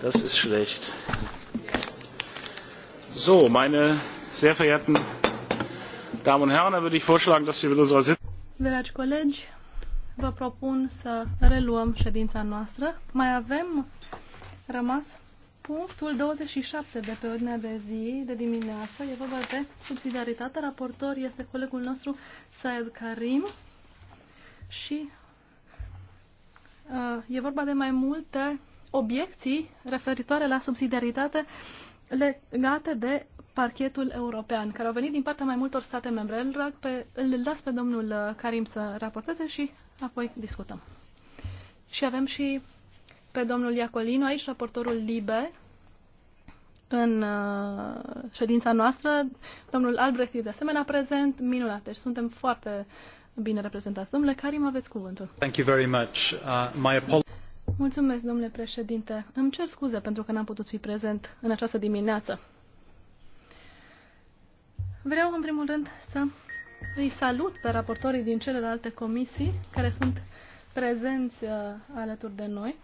Das ist schlecht. So, meine sehr verehrten Damen und Herren, dann würde ich vorschlagen, dass wir mit unserer Sitzung. Dragi colegi, vă propun să reluăm ședința noastră. Mai avem rămas punctul 27 de pe ordinea de zi de dimineață. E vorba de subsidiaritate. Raportor este colegul nostru Saed Karim și uh, e vorba de mai multe obiecții referitoare la subsidiaritate legate de parchetul european, care au venit din partea mai multor state membre. Îl, rog pe, îl las pe domnul uh, Karim să raporteze și apoi discutăm. Și avem și pe domnul Iacolino, aici raportorul LIBE, în uh, ședința noastră. Domnul Albrecht este de asemenea prezent, minunat, deci suntem foarte bine reprezentați. Domnule Karim, aveți cuvântul. Thank you very much. Uh, my Mulțumesc, domnule președinte. Îmi cer scuze pentru că n-am putut fi prezent în această dimineață. Vreau, în primul rând, să îi salut pe raportorii din celelalte comisii care sunt prezenți uh, alături de noi.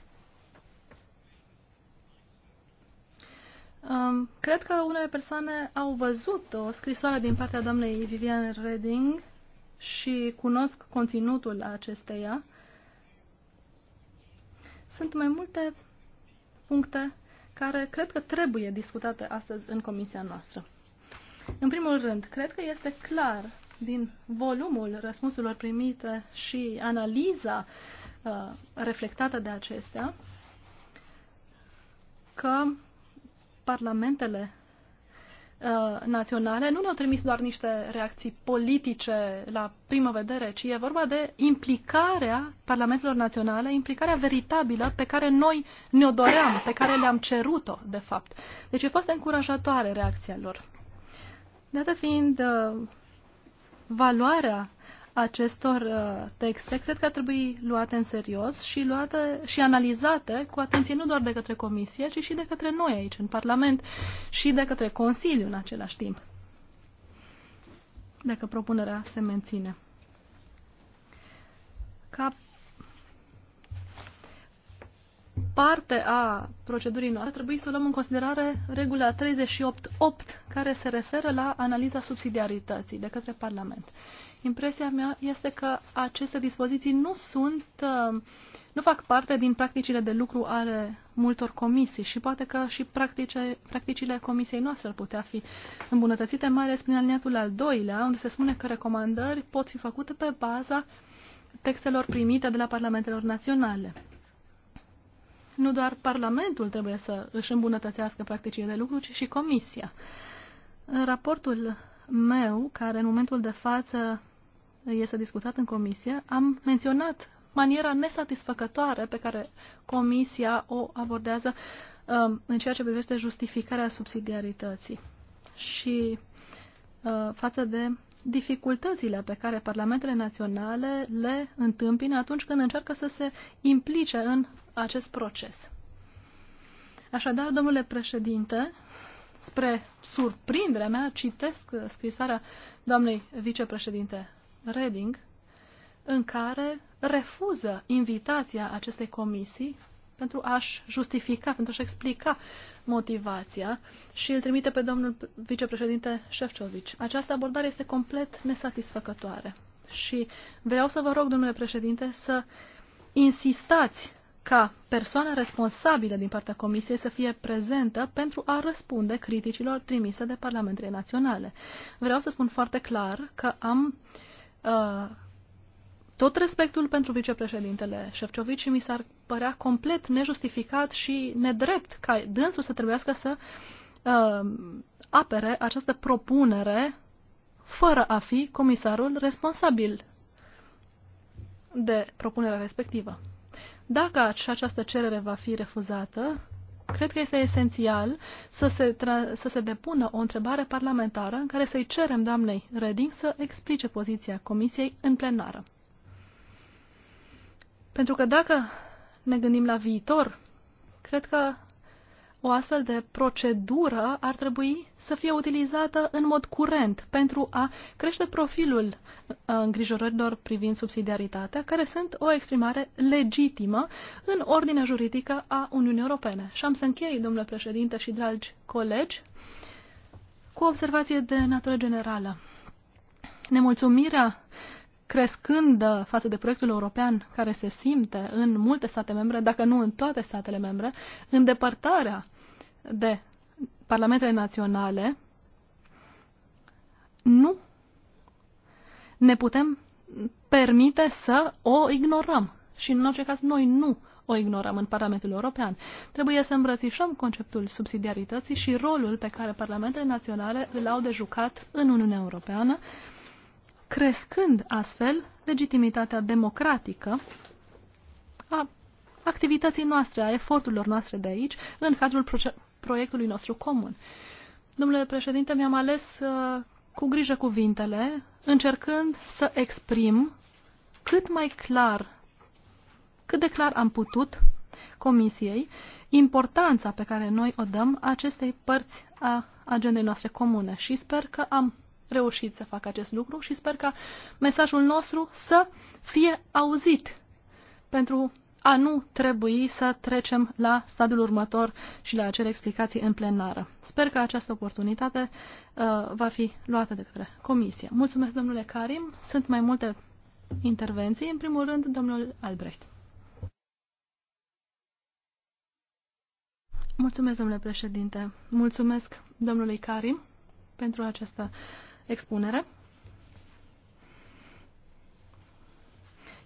Um, cred că unele persoane au văzut o scrisoare din partea doamnei Viviane Reding și cunosc conținutul acesteia. Sunt mai multe puncte care cred că trebuie discutate astăzi în comisia noastră. În primul rând, cred că este clar din volumul răspunsurilor primite și analiza uh, reflectată de acestea că parlamentele Uh, naționale nu ne-au trimis doar niște reacții politice la primă vedere, ci e vorba de implicarea parlamentelor naționale, implicarea veritabilă pe care noi ne-o doream, pe care le-am cerut-o, de fapt. Deci e fost încurajatoare reacția lor. Dată fiind uh, valoarea acestor uh, texte cred că ar trebui luate în serios și, luate, și analizate cu atenție nu doar de către Comisie, ci și de către noi aici, în Parlament, și de către Consiliu în același timp, dacă propunerea se menține. Ca parte a procedurii noastre trebuie să luăm în considerare regula 38.8 care se referă la analiza subsidiarității de către Parlament. Impresia mea este că aceste dispoziții nu sunt, uh, nu fac parte din practicile de lucru ale multor comisii și poate că și practice, practicile comisiei noastre ar putea fi îmbunătățite, mai ales prin aliniatul al doilea, unde se spune că recomandări pot fi făcute pe baza textelor primite de la parlamentelor naționale. Nu doar Parlamentul trebuie să își îmbunătățească practicile de lucru, ci și Comisia. În raportul meu, care în momentul de față este discutat în comisie, am menționat maniera nesatisfăcătoare pe care comisia o abordează um, în ceea ce privește justificarea subsidiarității și uh, față de dificultățile pe care parlamentele naționale le întâmpină atunci când încearcă să se implice în acest proces. Așadar, domnule președinte, spre surprinderea mea, citesc scrisoarea doamnei vicepreședinte Reading, în care refuză invitația acestei comisii pentru a-și justifica, pentru a-și explica motivația și îl trimite pe domnul vicepreședinte Șefcovici. Această abordare este complet nesatisfăcătoare. Și vreau să vă rog, domnule președinte, să insistați ca persoana responsabilă din partea Comisiei să fie prezentă pentru a răspunde criticilor trimise de parlamentele naționale. Vreau să spun foarte clar că am uh, Uh, tot respectul pentru vicepreședintele Șefciovici mi s-ar părea complet nejustificat și nedrept ca dânsul să trebuiască să uh, apere această propunere fără a fi comisarul responsabil de propunerea respectivă. Dacă această cerere va fi refuzată, Cred că este esențial să se, să se depună o întrebare parlamentară în care să-i cerem doamnei Reding să explice poziția Comisiei în plenară. Pentru că dacă ne gândim la viitor, cred că o astfel de procedură ar trebui să fie utilizată în mod curent pentru a crește profilul uh, îngrijorărilor privind subsidiaritatea, care sunt o exprimare legitimă în ordinea juridică a Uniunii Europene. Și am să închei, domnule președinte și dragi colegi, cu o observație de natură generală. Nemulțumirea crescând față de proiectul european care se simte în multe state membre, dacă nu în toate statele membre, îndepărtarea de parlamentele naționale, nu ne putem permite să o ignorăm. Și în orice caz noi nu o ignorăm în Parlamentul European. Trebuie să îmbrățișăm conceptul subsidiarității și rolul pe care parlamentele naționale îl au de jucat în Uniunea Europeană, uh, crescând astfel legitimitatea democratică a activității noastre, a eforturilor noastre de aici, în cadrul proiectului nostru comun. Domnule președinte, mi-am ales uh, cu grijă cuvintele, încercând să exprim cât mai clar, cât de clar am putut Comisiei, importanța pe care noi o dăm acestei părți a agendei noastre comune și sper că am reușit să facă acest lucru și sper ca mesajul nostru să fie auzit pentru a nu trebui să trecem la stadiul următor și la acele explicații în plenară. Sper că această oportunitate uh, va fi luată de către Comisie. Mulțumesc, domnule Karim. Sunt mai multe intervenții. În primul rând, domnul Albrecht. Mulțumesc, domnule președinte. Mulțumesc domnului Karim pentru această expunere.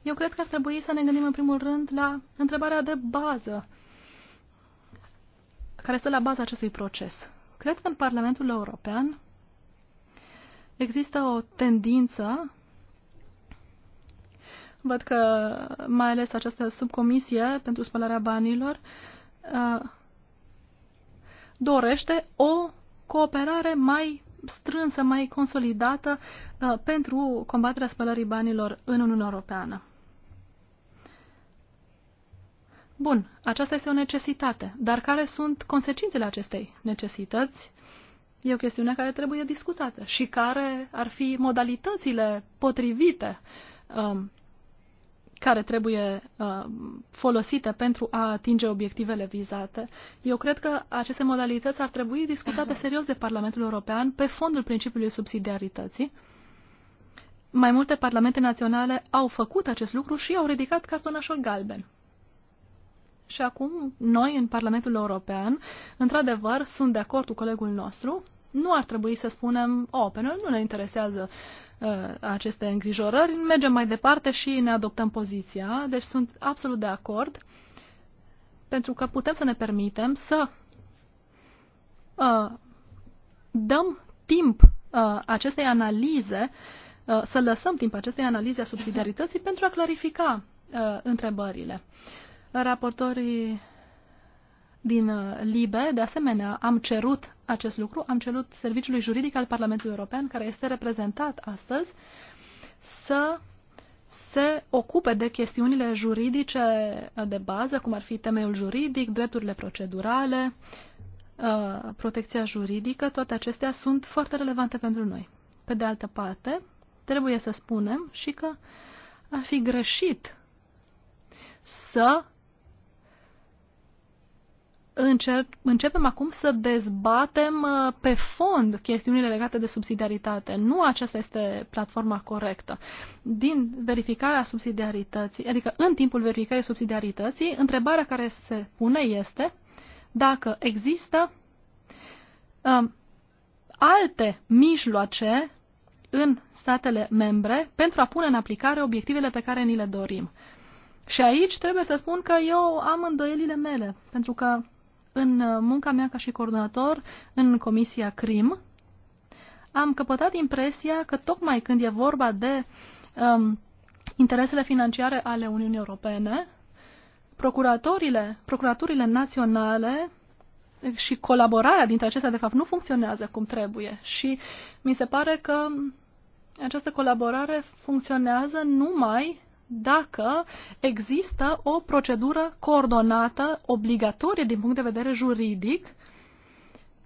Eu cred că ar trebui să ne gândim în primul rând la întrebarea de bază care stă la baza acestui proces. Cred că în Parlamentul European există o tendință Văd că mai ales această subcomisie pentru spălarea banilor uh, dorește o cooperare mai strânsă, mai consolidată uh, pentru combaterea spălării banilor în Uniunea Europeană. Bun, aceasta este o necesitate, dar care sunt consecințele acestei necesități? E o chestiune care trebuie discutată și care ar fi modalitățile potrivite um, care trebuie uh, folosite pentru a atinge obiectivele vizate. Eu cred că aceste modalități ar trebui discutate serios de Parlamentul European pe fondul principiului subsidiarității. Mai multe parlamente naționale au făcut acest lucru și au ridicat cartonașul galben. Și acum, noi, în Parlamentul European, într-adevăr, sunt de acord cu colegul nostru, nu ar trebui să spunem, o, oh, pe noi nu ne interesează uh, aceste îngrijorări, mergem mai departe și ne adoptăm poziția. Deci sunt absolut de acord, pentru că putem să ne permitem să uh, dăm timp uh, acestei analize, uh, să lăsăm timp acestei analize a subsidiarității pentru a clarifica uh, întrebările. Raportorii din LIBE, de asemenea, am cerut acest lucru, am cerut Serviciului Juridic al Parlamentului European, care este reprezentat astăzi, să se ocupe de chestiunile juridice de bază, cum ar fi temeiul juridic, drepturile procedurale, uh, protecția juridică, toate acestea sunt foarte relevante pentru noi. Pe de altă parte, trebuie să spunem și că ar fi greșit să începem acum să dezbatem uh, pe fond chestiunile legate de subsidiaritate. Nu aceasta este platforma corectă. Din verificarea subsidiarității, adică în timpul verificării subsidiarității, întrebarea care se pune este dacă există um, alte mijloace în statele membre pentru a pune în aplicare obiectivele pe care ni le dorim. Și aici trebuie să spun că eu am îndoielile mele, pentru că în munca mea ca și coordonator în Comisia CRIM, am căpătat impresia că tocmai când e vorba de um, interesele financiare ale Uniunii Europene, procuratorile, procuraturile naționale și colaborarea dintre acestea, de fapt, nu funcționează cum trebuie. Și mi se pare că această colaborare funcționează numai dacă există o procedură coordonată, obligatorie din punct de vedere juridic,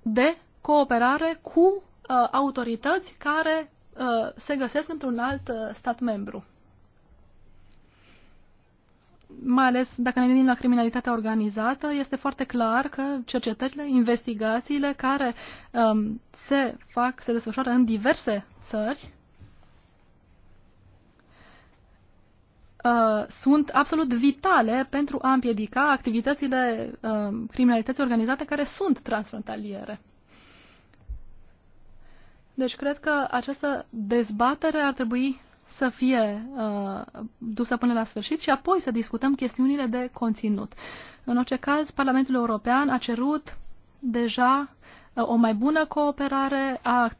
de cooperare cu uh, autorități care uh, se găsesc într-un alt uh, stat membru. Mai ales dacă ne gândim la criminalitatea organizată, este foarte clar că cercetările, investigațiile care um, se fac, se desfășoară în diverse țări, Uh, sunt absolut vitale pentru a împiedica activitățile uh, criminalității organizate care sunt transfrontaliere. Deci cred că această dezbatere ar trebui să fie uh, dusă până la sfârșit și apoi să discutăm chestiunile de conținut. În orice caz, Parlamentul European a cerut deja o mai bună cooperare a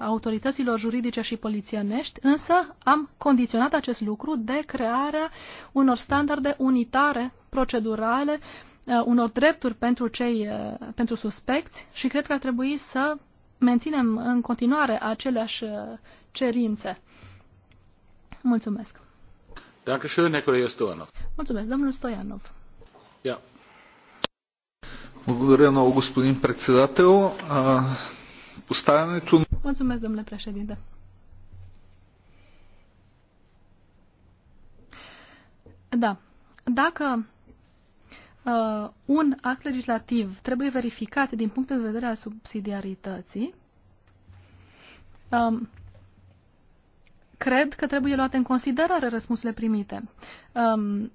autorităților juridice și polițienești, însă am condiționat acest lucru de crearea unor standarde unitare, procedurale, unor drepturi pentru, cei, pentru suspecți și cred că ar trebui să menținem în continuare aceleași cerințe. Mulțumesc! Mulțumesc, domnul Stoianov. Благодаря много, господин председател. Поставянето... Mulțumesc, domnule președinte. Da. Dacă uh, un act legislativ trebuie verificat din punct de vedere al subsidiarității, um, cred că trebuie luate în considerare răspunsurile primite. Um,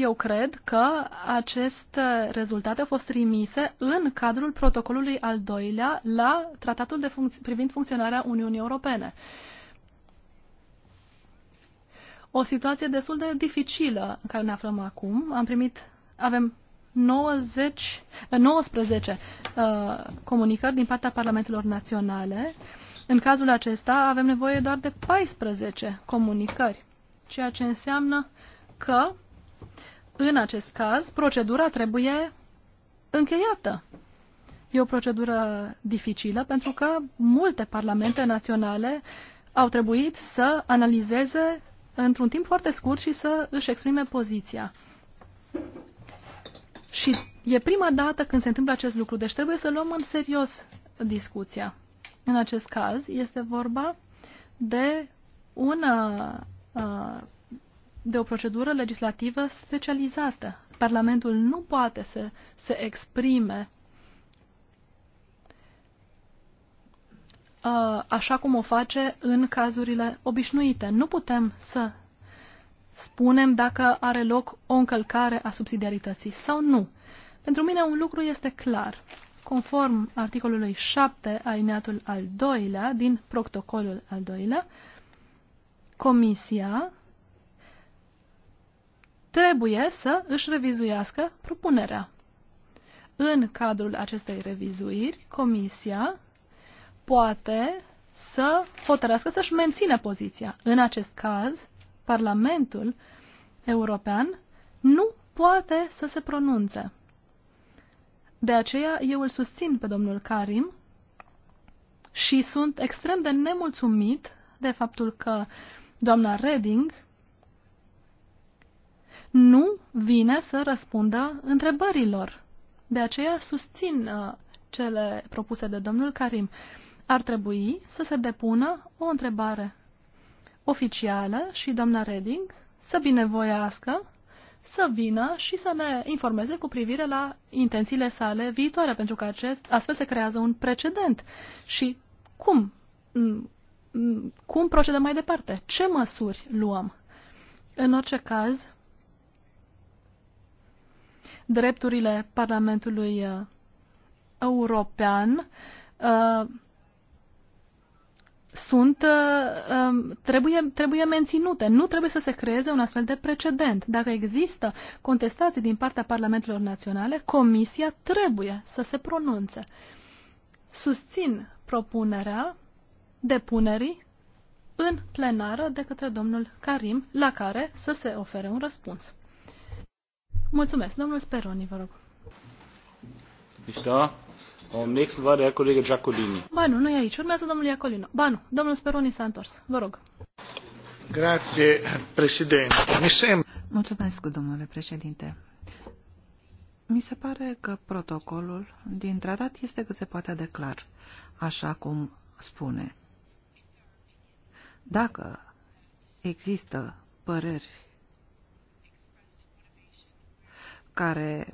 eu cred că aceste rezultate au fost trimise în cadrul protocolului al doilea la tratatul de funcț- privind funcționarea Uniunii Europene. O situație destul de dificilă în care ne aflăm acum. Am primit, avem 90, 19 uh, comunicări din partea Parlamentelor Naționale. În cazul acesta avem nevoie doar de 14 comunicări, ceea ce înseamnă că în acest caz, procedura trebuie încheiată. E o procedură dificilă pentru că multe parlamente naționale au trebuit să analizeze într-un timp foarte scurt și să își exprime poziția. Și e prima dată când se întâmplă acest lucru, deci trebuie să luăm în serios discuția. În acest caz este vorba de un uh, de o procedură legislativă specializată. Parlamentul nu poate să se exprime uh, așa cum o face în cazurile obișnuite. Nu putem să spunem dacă are loc o încălcare a subsidiarității sau nu. Pentru mine un lucru este clar. Conform articolului 7, alineatul al doilea, din protocolul al doilea, Comisia trebuie să își revizuiască propunerea. În cadrul acestei revizuiri, Comisia poate să hotărească să-și mențină poziția. În acest caz, Parlamentul European nu poate să se pronunțe. De aceea eu îl susțin pe domnul Karim și sunt extrem de nemulțumit de faptul că doamna Reding nu vine să răspundă întrebărilor. De aceea susțin uh, cele propuse de domnul Karim. Ar trebui să se depună o întrebare oficială și doamna Reding să binevoiască să vină și să ne informeze cu privire la intențiile sale viitoare, pentru că acest, astfel se creează un precedent. Și cum? Mm, mm, cum procedăm mai departe? Ce măsuri luăm? În orice caz, drepturile Parlamentului uh, European uh, sunt, uh, um, trebuie, trebuie menținute. Nu trebuie să se creeze un astfel de precedent. Dacă există contestații din partea Parlamentelor Naționale, Comisia trebuie să se pronunțe. Susțin propunerea depunerii în plenară de către domnul Karim, la care să se ofere un răspuns. Mulțumesc. Domnul Speroni, vă rog. Nici da? Om nächsten war der Kollege Giacolini. Ba nu, nu e aici. Urmează domnul Iacolino. Ba nu, domnul Speroni s-a întors. Vă rog. Grazie, președinte. Mi sem... Mulțumesc, domnule președinte. Mi se pare că protocolul din tratat este cât se poate declar, așa cum spune. Dacă există păreri care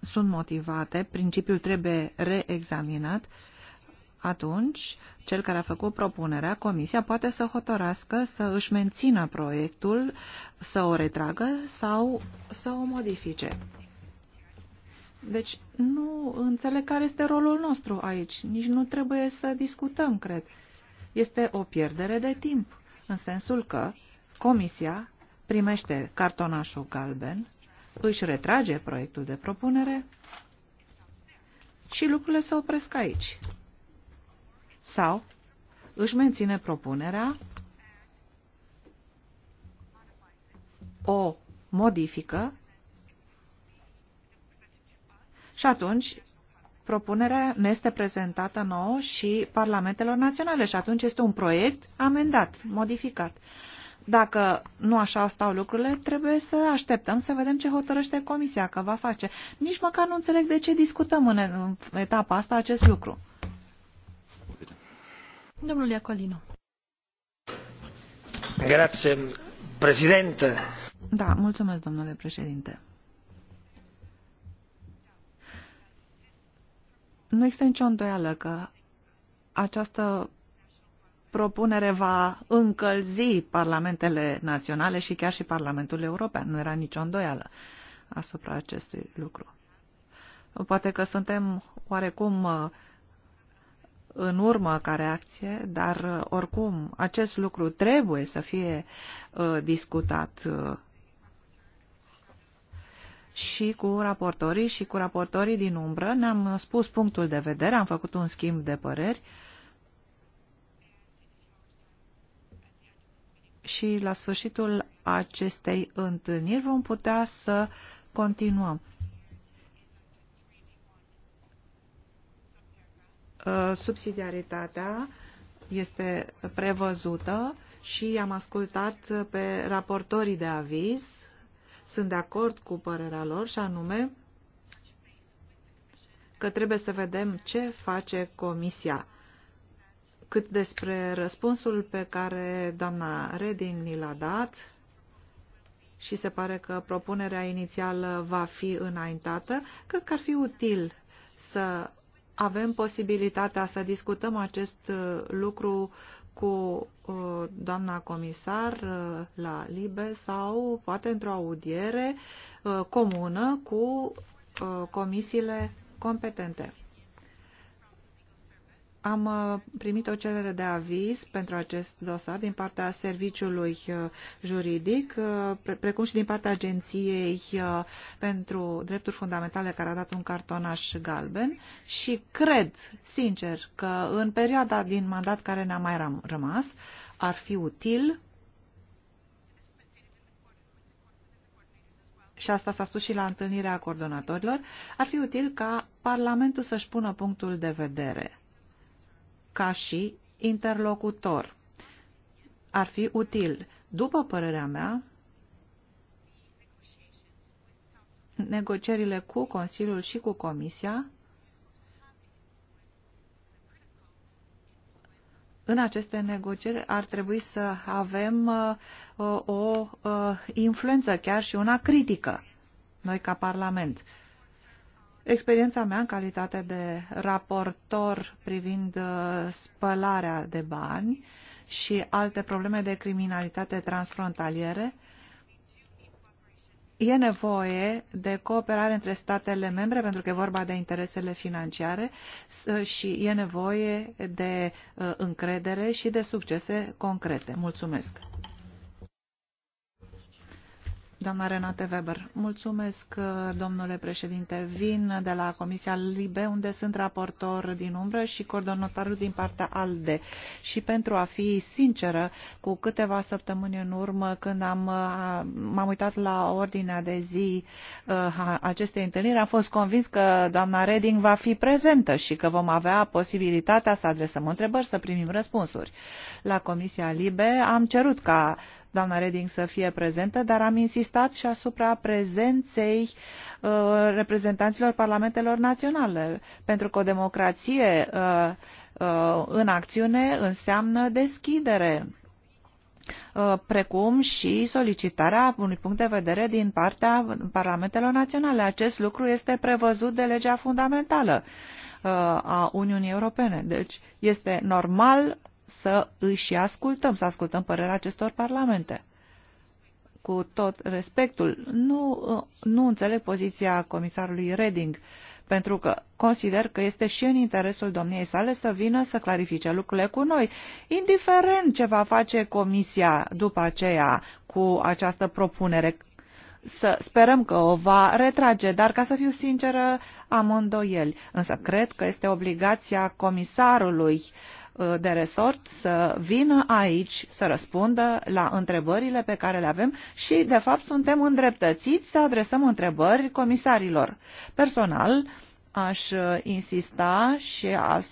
sunt motivate, principiul trebuie reexaminat, atunci cel care a făcut propunerea, comisia, poate să hotărască să își mențină proiectul, să o retragă sau să o modifice. Deci nu înțeleg care este rolul nostru aici. Nici nu trebuie să discutăm, cred. Este o pierdere de timp, în sensul că comisia primește cartonașul galben, își retrage proiectul de propunere și lucrurile se opresc aici. Sau își menține propunerea, o modifică și atunci propunerea ne este prezentată nouă și parlamentelor naționale și atunci este un proiect amendat, modificat. Dacă nu așa stau lucrurile, trebuie să așteptăm să vedem ce hotărăște Comisia că va face. Nici măcar nu înțeleg de ce discutăm în etapa asta acest lucru. Domnul Iacolino. Grazie, președinte. Da, mulțumesc, domnule președinte. Nu există nicio îndoială că această propunere va încălzi parlamentele naționale și chiar și Parlamentul European. Nu era nicio îndoială asupra acestui lucru. Poate că suntem oarecum uh, în urmă ca reacție, dar uh, oricum acest lucru trebuie să fie uh, discutat și cu raportorii și cu raportorii din umbră. Ne-am spus punctul de vedere, am făcut un schimb de păreri. și la sfârșitul acestei întâlniri vom putea să continuăm. Uh, subsidiaritatea este prevăzută și am ascultat pe raportorii de aviz. Sunt de acord cu părerea lor și anume că trebuie să vedem ce face Comisia cât despre răspunsul pe care doamna Reding ni l-a dat și se pare că propunerea inițială va fi înaintată, cred că ar fi util să avem posibilitatea să discutăm acest uh, lucru cu uh, doamna comisar uh, la LIBE sau poate într-o audiere comună cu comisiile competente. Am uh, primit o cerere de aviz pentru acest dosar din partea serviciului uh, juridic, uh, precum și din partea Agenției pentru Drepturi Fundamentale, care a dat un cartonaș galben și cred, sincer, că în perioada din mandat care ne-a mai rămas, ar fi util și asta s-a spus și la întâlnirea coordonatorilor, ar fi util ca Parlamentul să-și pună punctul de vedere ca și interlocutor. Ar fi util. După părerea mea, negocierile cu Consiliul și cu Comisia în aceste negocieri ar trebui să avem uh, o uh, influență, chiar și una critică, noi ca Parlament. Uh, Experiența mea în calitate de raportor privind uh, spălarea de bani și alte probleme de criminalitate transfrontaliere, e nevoie de cooperare între statele membre, pentru că e vorba de interesele financiare uh, și e nevoie de uh, încredere și de succese concrete. Mulțumesc! Doamna Renate Weber, mulțumesc, domnule președinte. Vin de la Comisia Libe, unde sunt raportor din umbră și coordonatorul din partea ALDE. Și pentru a fi sinceră, cu câteva săptămâni în urmă, când am, m-am uitat la ordinea de zi a acestei întâlniri, am fost convins că doamna Reding va fi prezentă și că vom avea posibilitatea să adresăm întrebări, să primim răspunsuri. La Comisia Libe am cerut ca doamna Reding să fie prezentă, dar am insistat și asupra prezenței uh, reprezentanților parlamentelor naționale, pentru că o democrație uh, uh, în acțiune înseamnă deschidere uh, precum și solicitarea unui punct de vedere din partea parlamentelor naționale. Acest lucru este prevăzut de legea fundamentală uh, a Uniunii Europene. Deci este normal să își ascultăm, să ascultăm părerea acestor parlamente. Cu tot respectul, nu, nu înțeleg poziția comisarului Reding, pentru că consider că este și în interesul domniei sale să vină să clarifice lucrurile cu noi, indiferent ce va face comisia după aceea cu această propunere să sperăm că o va retrage, dar ca să fiu sinceră, am îndoieli. Însă cred că este obligația comisarului Uh, de resort să vină aici să răspundă la întrebările pe care le avem și, de fapt, suntem îndreptățiți să adresăm întrebări comisarilor. Personal, aș uh, insista și aș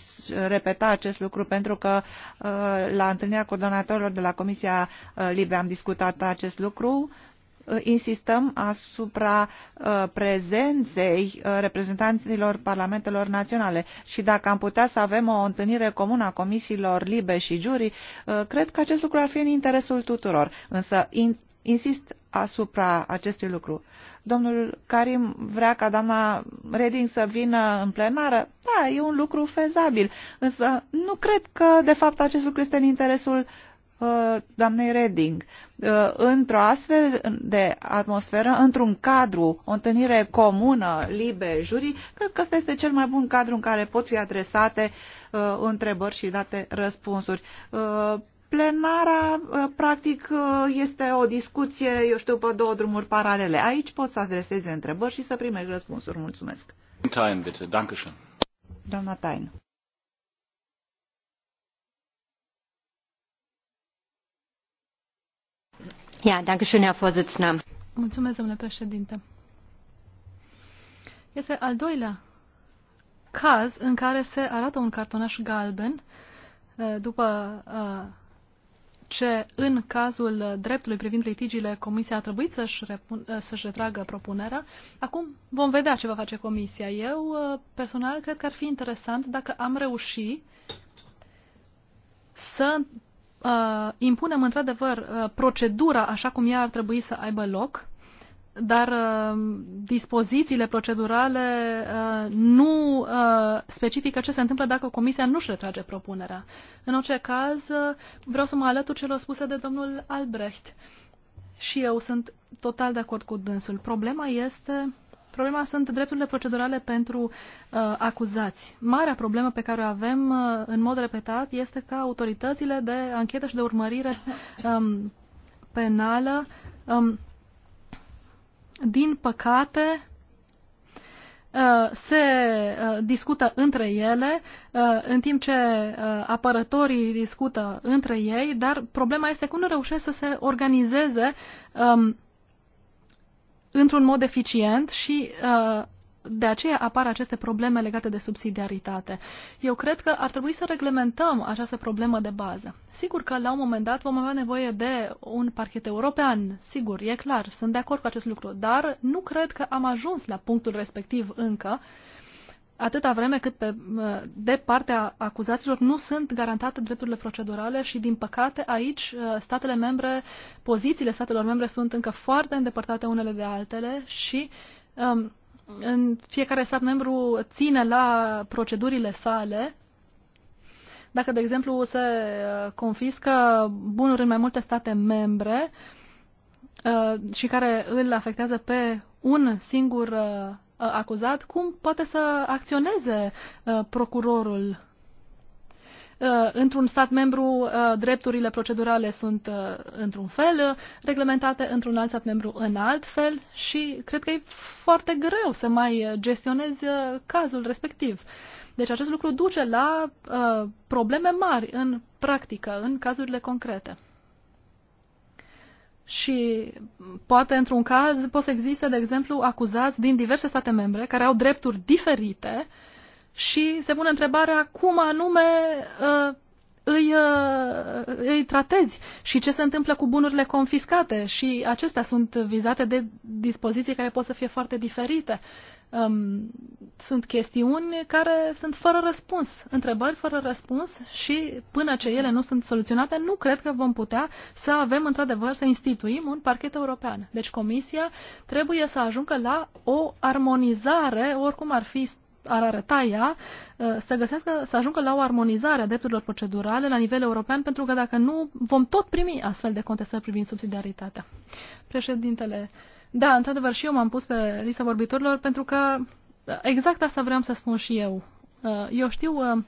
repeta acest lucru pentru că uh, la întâlnirea coordonatorilor de la Comisia Libe am discutat acest lucru insistăm asupra uh, prezenței uh, reprezentanților parlamentelor naționale și dacă am putea să avem o întâlnire comună a comisiilor LIBE și juri, uh, cred că acest lucru ar fi în interesul tuturor, însă insist asupra acestui lucru. Domnul Karim vrea ca doamna Reding să vină în plenară. Da, e un lucru fezabil, însă nu cred că, de fapt, acest lucru este în interesul uh, Uh, doamnei Reding. Uh, într-o astfel de atmosferă, într-un cadru, o întâlnire comună, libe, jurii, cred că ăsta este cel mai bun cadru în care pot fi adresate uh, întrebări și date răspunsuri. Plenara, practic, este o discuție, eu știu, pe două drumuri paralele. Aici poți să adresezi întrebări și să primești răspunsuri. Mulțumesc. Doamna Tain. Ja, danke schön, Herr Vorsitzender. Mulțumesc, domnule președinte. Este al doilea caz în care se arată un cartonaș galben eh, după eh, ce în cazul dreptului privind litigiile Comisia a trebuit să-și, eh, să-și retragă propunerea. Acum vom vedea ce va face Comisia. Eu personal cred că ar fi interesant dacă am reușit să uh, impunem într-adevăr uh, procedura așa cum ea ar trebui să aibă loc, dar uh, dispozițiile procedurale uh, nu uh, specifică ce se întâmplă dacă Comisia nu-și retrage propunerea. În orice caz, uh, vreau să mă alătur celor spuse de domnul Albrecht. Și eu sunt total de acord cu dânsul. Problema este problema sunt drepturile procedurale pentru uh, acuzați. Marea problemă pe care o avem uh, în mod repetat este că autoritățile de anchetă și de urmărire um, penală, um, din păcate, uh, se uh, discută între ele, uh, în timp ce apărătorii discută între ei, dar problema este cum nu reușesc să se organizeze um, într-un mod eficient și uh, de aceea apar aceste probleme legate de subsidiaritate. Eu cred că ar trebui să reglementăm această problemă de bază. Sigur că la un moment dat vom avea nevoie de un parchet european, sigur, e clar, sunt de acord cu acest lucru, dar nu cred că am ajuns la punctul respectiv încă. Uh, atâta vreme cât pe, de partea acuzaților nu sunt garantate drepturile procedurale și, din păcate, aici ă, statele membre, pozițiile statelor membre sunt încă foarte îndepărtate unele de altele și um, în fiecare stat membru ține la procedurile sale. Dacă, de exemplu, se ă, confiscă bunuri în mai multe state membre uh, și care îl afectează pe un singur uh, Uh, acuzat, cum poate să acționeze uh, procurorul uh, într-un stat membru drepturile procedurale sunt într-un fel reglementate, într-un alt stat membru în alt fel și cred că e foarte greu să mai gestionezi cazul respectiv. Deci acest lucru duce la probleme mari în practică, în cazurile concrete. Și poate într-un caz pot să existe, de exemplu, acuzați din diverse state membre care au drepturi diferite și se pune întrebarea cum anume uh, îi, uh, îi tratezi și ce se întâmplă cu bunurile confiscate și acestea sunt vizate de dispoziții care pot să fie foarte diferite um, sunt chestiuni care sunt fără răspuns, întrebări fără răspuns și până ce ele nu sunt soluționate, nu cred că vom putea să avem într-adevăr să instituim un parchet european. Deci Comisia trebuie să ajungă la o armonizare, oricum ar fi ar arăta ea, uh, să, găsească, să ajungă la o armonizare a drepturilor procedurale la nivel european, pentru că dacă nu, vom tot primi astfel de contestări privind subsidiaritatea. Președintele da, într-adevăr, și eu m-am pus pe lista vorbitorilor pentru că uh, exact asta vreau să spun și eu. Uh, eu știu uh,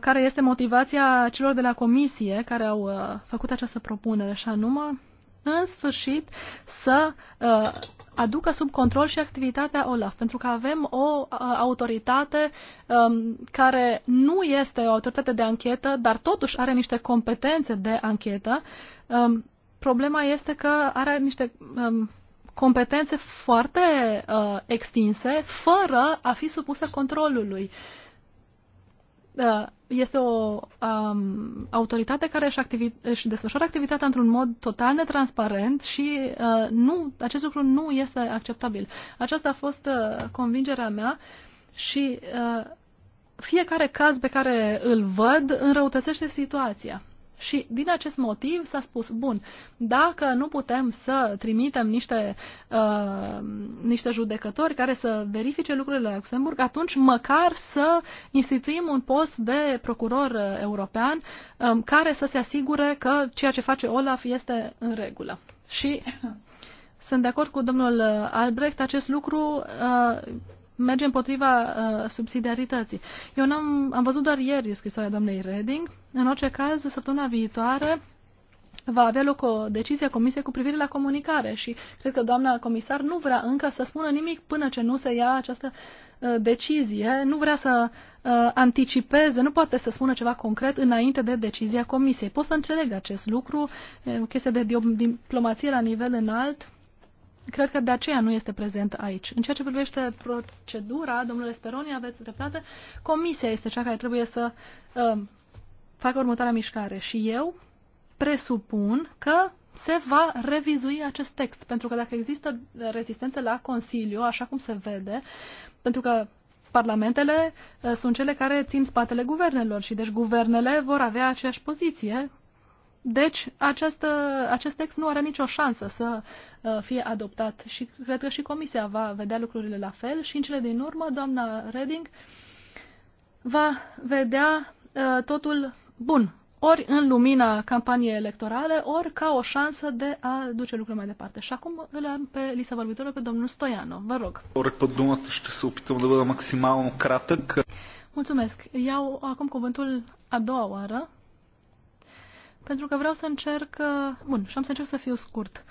care este motivația celor de la comisie care au făcut această propunere și anume, în sfârșit, să aducă sub control și activitatea OLAF, pentru că avem o autoritate um, care nu este o autoritate de anchetă, dar totuși are niște competențe de anchetă um, problema este că are niște um, competențe foarte uh, extinse, fără a fi supusă controlului. Uh, este o um, autoritate care își, activi- își desfășoară activitatea într-un mod total netransparent și uh, nu, acest lucru nu este acceptabil. Aceasta a fost uh, convingerea mea și uh, fiecare caz pe care îl văd înrăutățește situația. Și din acest motiv s-a spus, bun, dacă nu putem să trimitem niște, uh, niște judecători care să verifice lucrurile la Luxemburg, atunci măcar să instituim un post de procuror uh, european um, care să se asigure că ceea ce face Olaf este în regulă. Și sunt de acord cu domnul uh, Albrecht, acest lucru uh, merge împotriva uh, subsidiarității. Eu n-am, am văzut doar ieri scrisoarea doamnei Reding. În orice caz, săptămâna viitoare va avea loc o decizie a Comisiei cu privire la comunicare și cred că doamna comisar nu vrea încă să spună nimic până ce nu se ia această uh, decizie, nu vrea să uh, anticipeze, nu poate să spună ceva concret înainte de decizia Comisiei. Pot să înțeleg acest lucru, o chestie de diplomație la nivel înalt, Cred că de aceea nu este prezent aici. În ceea ce privește procedura, domnule Speroni, aveți dreptate, comisia este cea care trebuie să uh, facă următoarea mișcare. Și eu presupun că se va revizui acest text, pentru că dacă există rezistență la Consiliu, așa cum se vede, pentru că parlamentele uh, sunt cele care țin spatele guvernelor și deci guvernele vor avea aceeași poziție deci, această, acest text nu are nicio șansă să uh, fie adoptat și cred că și Comisia va vedea lucrurile la fel și în cele din urmă, doamna Reding va vedea uh, totul bun, ori în lumina campaniei electorale, ori ca o șansă de a duce lucrurile mai departe. Și acum îl am pe lista vorbitorilor pe domnul Stoiano. Vă rog. și să opităm de Mulțumesc. Iau acum cuvântul a doua oară pentru că vreau să încerc... Uh, bun, și am să încerc să fiu scurt.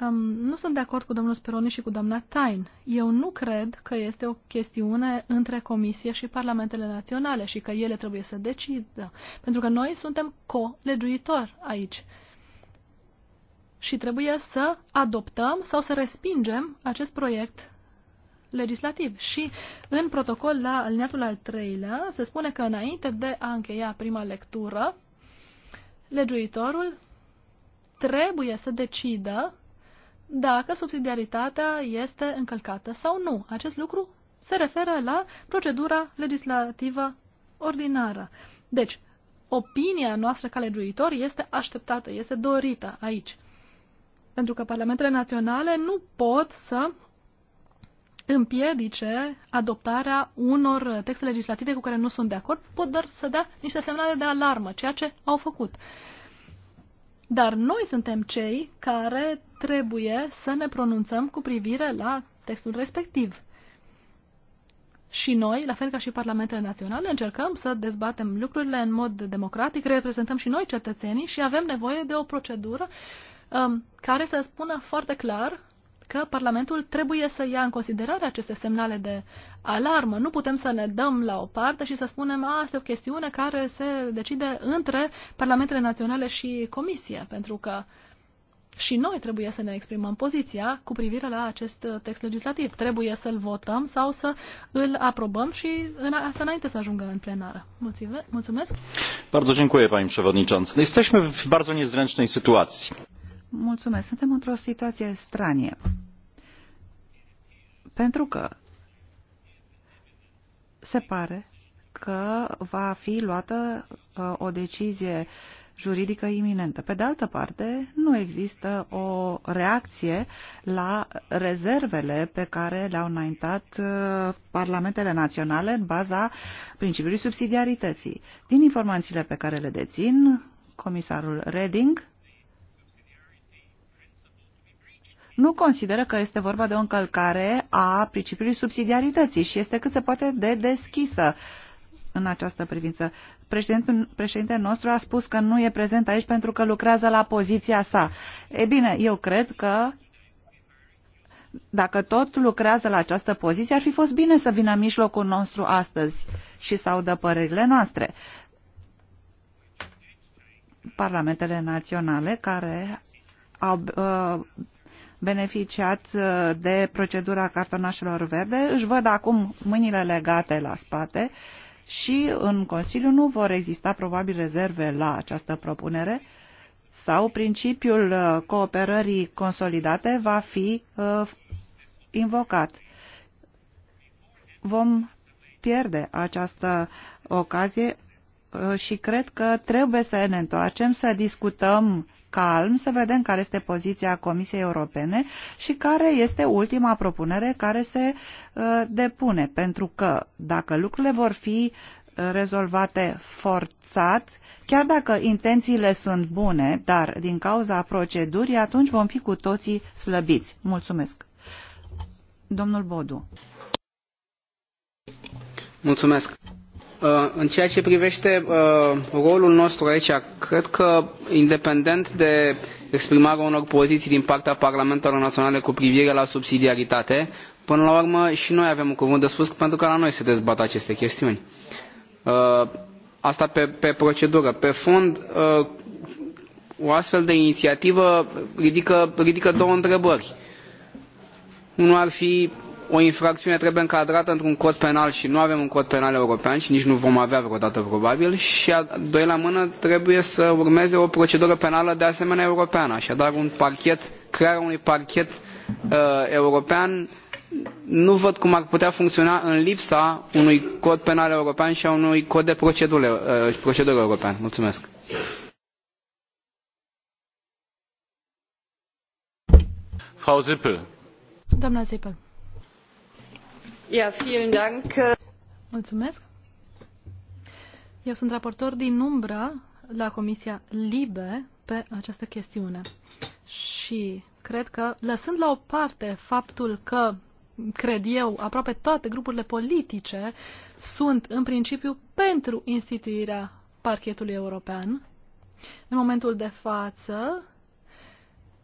Um, nu sunt de acord cu domnul Speroni și cu doamna Tain. Eu nu cred că este o chestiune între Comisie și Parlamentele Naționale și că ele trebuie să decidă. Pentru că noi suntem co-legiuitori aici. Și trebuie să adoptăm sau să respingem acest proiect legislativ. Și în protocol la alineatul al treilea se spune că înainte de a încheia prima lectură, legiuitorul trebuie să decidă dacă subsidiaritatea este încălcată sau nu. Acest lucru se referă la procedura legislativă ordinară. Deci, opinia noastră ca legiuitori este așteptată, este dorită aici. Pentru că parlamentele naționale nu pot să împiedice adoptarea unor texte legislative cu care nu sunt de acord, pot doar să dea niște semnale de alarmă, ceea ce au făcut. Dar noi suntem cei care trebuie să ne pronunțăm cu privire la textul respectiv. Și noi, la fel ca și parlamentele naționale, încercăm să dezbatem lucrurile în mod democratic, reprezentăm și noi cetățenii și avem nevoie de o procedură um, care să spună foarte clar că Parlamentul trebuie să ia în considerare aceste semnale de alarmă. Nu putem să ne dăm la o parte și să spunem, că ah, asta e o chestiune care se decide între Parlamentele Naționale și Comisie, pentru că și noi trebuie să ne exprimăm poziția cu privire la acest text legislativ. Trebuie să-l votăm sau să îl aprobăm și în asta înainte să ajungă în plenară. Mulțumesc. Bardzo dziękuję, panie przewodniczący. Jesteśmy w bardzo niezręcznej sytuacji. Mulțumesc. Suntem într-o situație stranie. Pentru că se pare că va fi luată uh, o decizie juridică iminentă. Pe de altă parte, nu există o reacție la rezervele pe care le-au înaintat uh, parlamentele naționale în baza principiului subsidiarității. Din informațiile pe care le dețin, comisarul Reding nu consideră că este vorba de o încălcare a principiului subsidiarității și este cât se poate de deschisă în această privință. Președintele președintele nostru a spus că nu e prezent aici pentru că lucrează la poziția sa. E bine, eu cred că dacă tot lucrează la această poziție, ar fi fost bine să vină în mijlocul nostru astăzi și să audă părerile noastre. Parlamentele naționale care au uh, beneficiat uh, de procedura cartonașelor verde își văd acum mâinile legate la spate și în Consiliu nu vor exista probabil rezerve la această propunere sau principiul uh, cooperării consolidate va fi uh, invocat. Vom pierde această ocazie și cred că trebuie să ne întoarcem, să discutăm calm să vedem care este poziția Comisiei Europene și care este ultima propunere care se uh, depune. Pentru că dacă lucrurile vor fi uh, rezolvate forțat, chiar dacă intențiile sunt bune, dar din cauza procedurii, atunci vom fi cu toții slăbiți. Mulțumesc. Domnul Bodu. Mulțumesc. În ceea ce privește uh, rolul nostru aici, cred că independent de exprimarea unor poziții din partea Parlamentelor Naționale cu privire la subsidiaritate, până la urmă și noi avem un cuvânt de spus pentru că la noi se dezbat aceste chestiuni. Uh, asta pe, pe procedură. Pe fond, uh, o astfel de inițiativă ridică, ridică două întrebări. Unul ar fi o infracțiune trebuie încadrată într-un cod penal și nu avem un cod penal european și nici nu vom avea vreodată probabil și a la mână trebuie să urmeze o procedură penală de asemenea europeană, așadar un parchet, crearea unui parchet uh, european nu văd cum ar putea funcționa în lipsa unui cod penal european și a unui cod de procedură, uh, procedură european. Mulțumesc! Frau Zippel. Doamna Zippel. Mulțumesc. Eu sunt raportor din umbră la Comisia Libe pe această chestiune. Și cred că, lăsând la o parte faptul că, cred eu, aproape toate grupurile politice sunt, în principiu, pentru instituirea parchetului european, în momentul de față,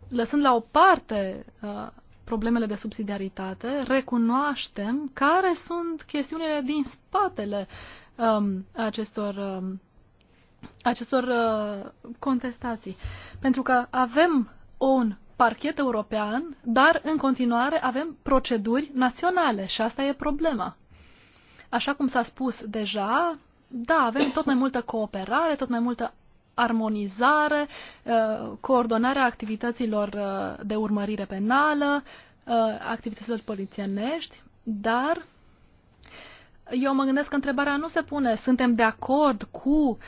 lăsând la o parte uh, problemele de subsidiaritate, recunoaștem care sunt chestiunile din spatele um, acestor, um, acestor uh, contestații. Pentru că avem un parchet european, dar în continuare avem proceduri naționale și asta e problema. Așa cum s-a spus deja, da, avem tot mai multă cooperare, tot mai multă armonizare, uh, coordonarea activităților uh, de urmărire penală, uh, activităților polițienești, dar eu mă gândesc că întrebarea nu se pune, suntem de acord cu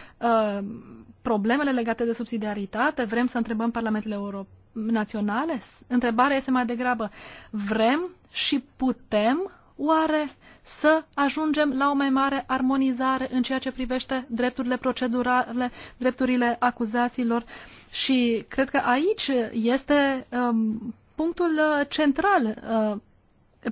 problemele legate de subsidiaritate, vrem să întrebăm parlamentele europene naționale? Întrebarea este mai degrabă, vrem și putem oare să ajungem la o mai mare armonizare în ceea ce privește drepturile procedurale, drepturile acuzaților. Și cred că aici este um, punctul uh, central, uh,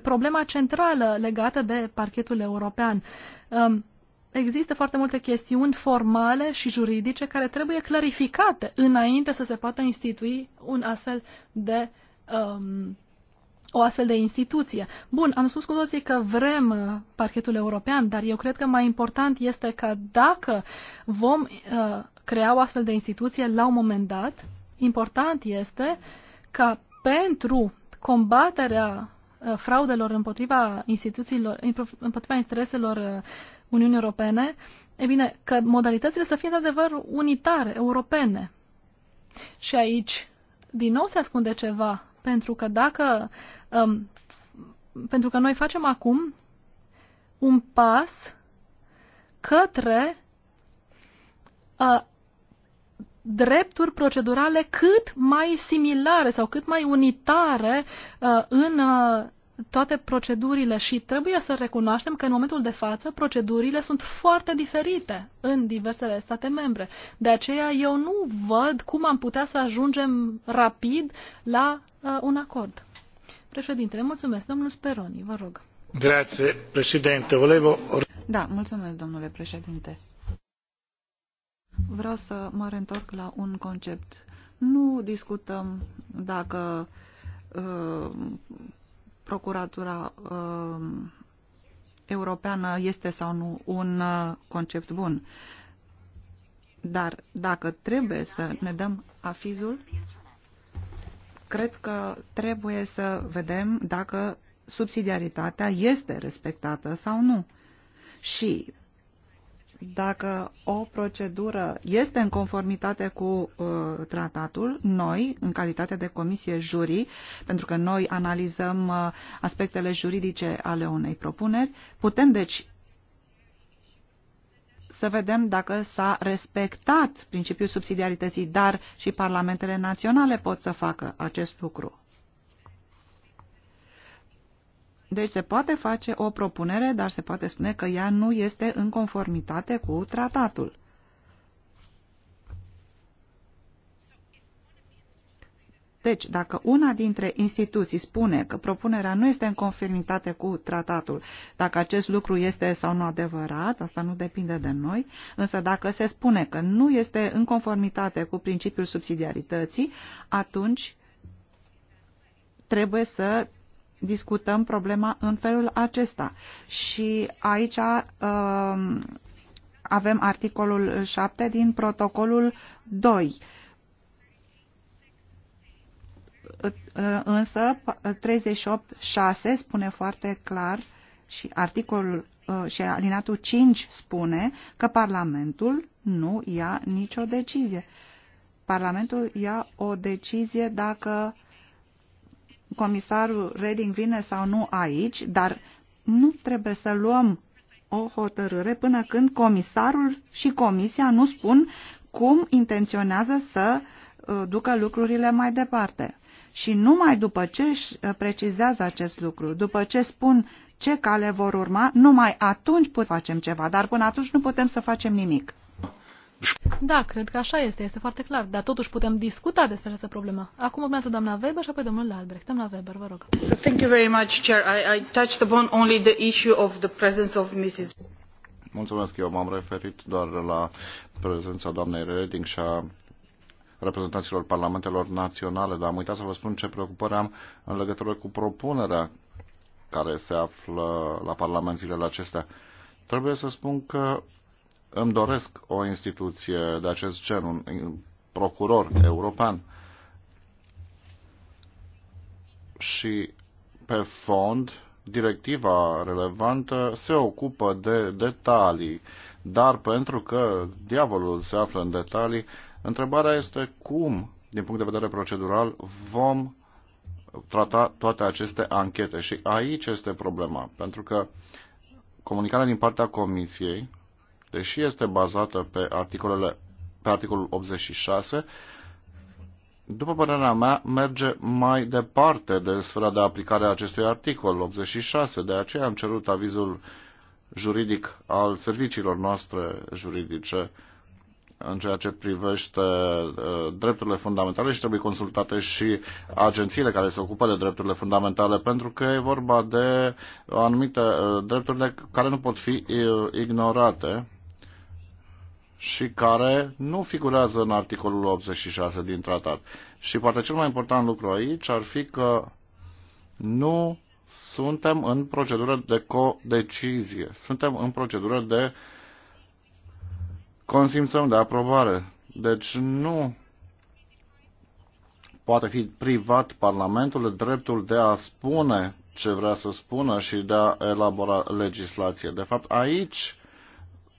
problema centrală legată de parchetul european. Um, există foarte multe chestiuni formale și juridice care trebuie clarificate înainte să se poată institui un astfel de um, o astfel de instituție. Bun, am spus cu toții că vrem uh, parchetul european, dar eu cred că mai important este că dacă vom uh, crea o astfel de instituție la un moment dat, important este ca pentru combaterea uh, fraudelor împotriva instituțiilor, împotriva intereselor uh, Uniunii Europene, e bine, că modalitățile să fie într-adevăr unitare, europene. Și aici, din nou se ascunde ceva, pentru că dacă Um, pentru că noi facem acum un pas către uh, drepturi procedurale cât mai similare sau cât mai unitare uh, în uh, toate procedurile și trebuie să recunoaștem că în momentul de față procedurile sunt foarte diferite în diversele state membre. De aceea eu nu văd cum am putea să ajungem rapid la uh, un acord. Președintele, mulțumesc. Domnul Speroni, vă rog. Grazie, președinte. Volevo... Da, mulțumesc, domnule președinte. Vreau să mă reîntorc la un concept. Nu discutăm dacă uh, procuratura uh, europeană este sau nu un uh, concept bun. Dar dacă trebuie să ne dăm afizul, cred că trebuie să vedem dacă subsidiaritatea este respectată sau nu. Și dacă o procedură este în conformitate cu uh, tratatul, noi, în calitate de comisie jurii, pentru că noi analizăm uh, aspectele juridice ale unei propuneri, putem deci să vedem dacă s-a respectat principiul subsidiarității, dar și parlamentele naționale pot să facă acest lucru. Deci se poate face o propunere, dar se poate spune că ea nu este în conformitate cu tratatul. Deci, dacă una dintre instituții spune că propunerea nu este în conformitate cu tratatul, dacă acest lucru este sau nu adevărat, asta nu depinde de noi, însă dacă se spune că nu este în conformitate cu principiul subsidiarității, atunci trebuie să discutăm problema în felul acesta. Și aici um, avem articolul 7 din protocolul 2 însă 38.6 spune foarte clar și articolul și alinatul 5 spune că Parlamentul nu ia nicio decizie. Parlamentul ia o decizie dacă comisarul Reding vine sau nu aici, dar nu trebuie să luăm o hotărâre până când comisarul și comisia nu spun cum intenționează să uh, ducă lucrurile mai departe și numai după ce își uh, precizează acest lucru, după ce spun ce cale vor urma, numai atunci putem facem ceva, dar până atunci nu putem să facem nimic. Da, cred că așa este, este foarte clar, dar totuși putem discuta despre această problemă. Acum urmează doamna Weber și apoi domnul Albrecht. Doamna Weber, vă rog. Thank you very much, Chair. I, I touched upon only the issue of the presence of Mrs. Mulțumesc, eu m-am referit doar la prezența doamnei Reding și a reprezentanților parlamentelor naționale, dar am uitat să vă spun ce preocupări am în legătură cu propunerea care se află la parlament zilele acestea. Trebuie să spun că îmi doresc o instituție de acest gen, un procuror european. Și pe fond, directiva relevantă se ocupă de detalii, dar pentru că diavolul se află în detalii, Întrebarea este cum, din punct de vedere procedural, vom trata toate aceste anchete. Și aici este problema, pentru că comunicarea din partea Comisiei, deși este bazată pe, articolele, pe articolul 86, după părerea mea, merge mai departe de sfera de aplicare a acestui articol 86. De aceea am cerut avizul juridic al serviciilor noastre juridice în ceea ce privește uh, drepturile fundamentale și trebuie consultate și agențiile care se ocupă de drepturile fundamentale, pentru că e vorba de anumite uh, drepturi care nu pot fi uh, ignorate și care nu figurează în articolul 86 din tratat. Și poate cel mai important lucru aici ar fi că nu suntem în procedură de codecizie, suntem în procedură de uh, consimțăm de aprobare. Deci nu poate fi privat Parlamentul dreptul de a spune ce vrea să spună și de a elabora legislație. De fapt, aici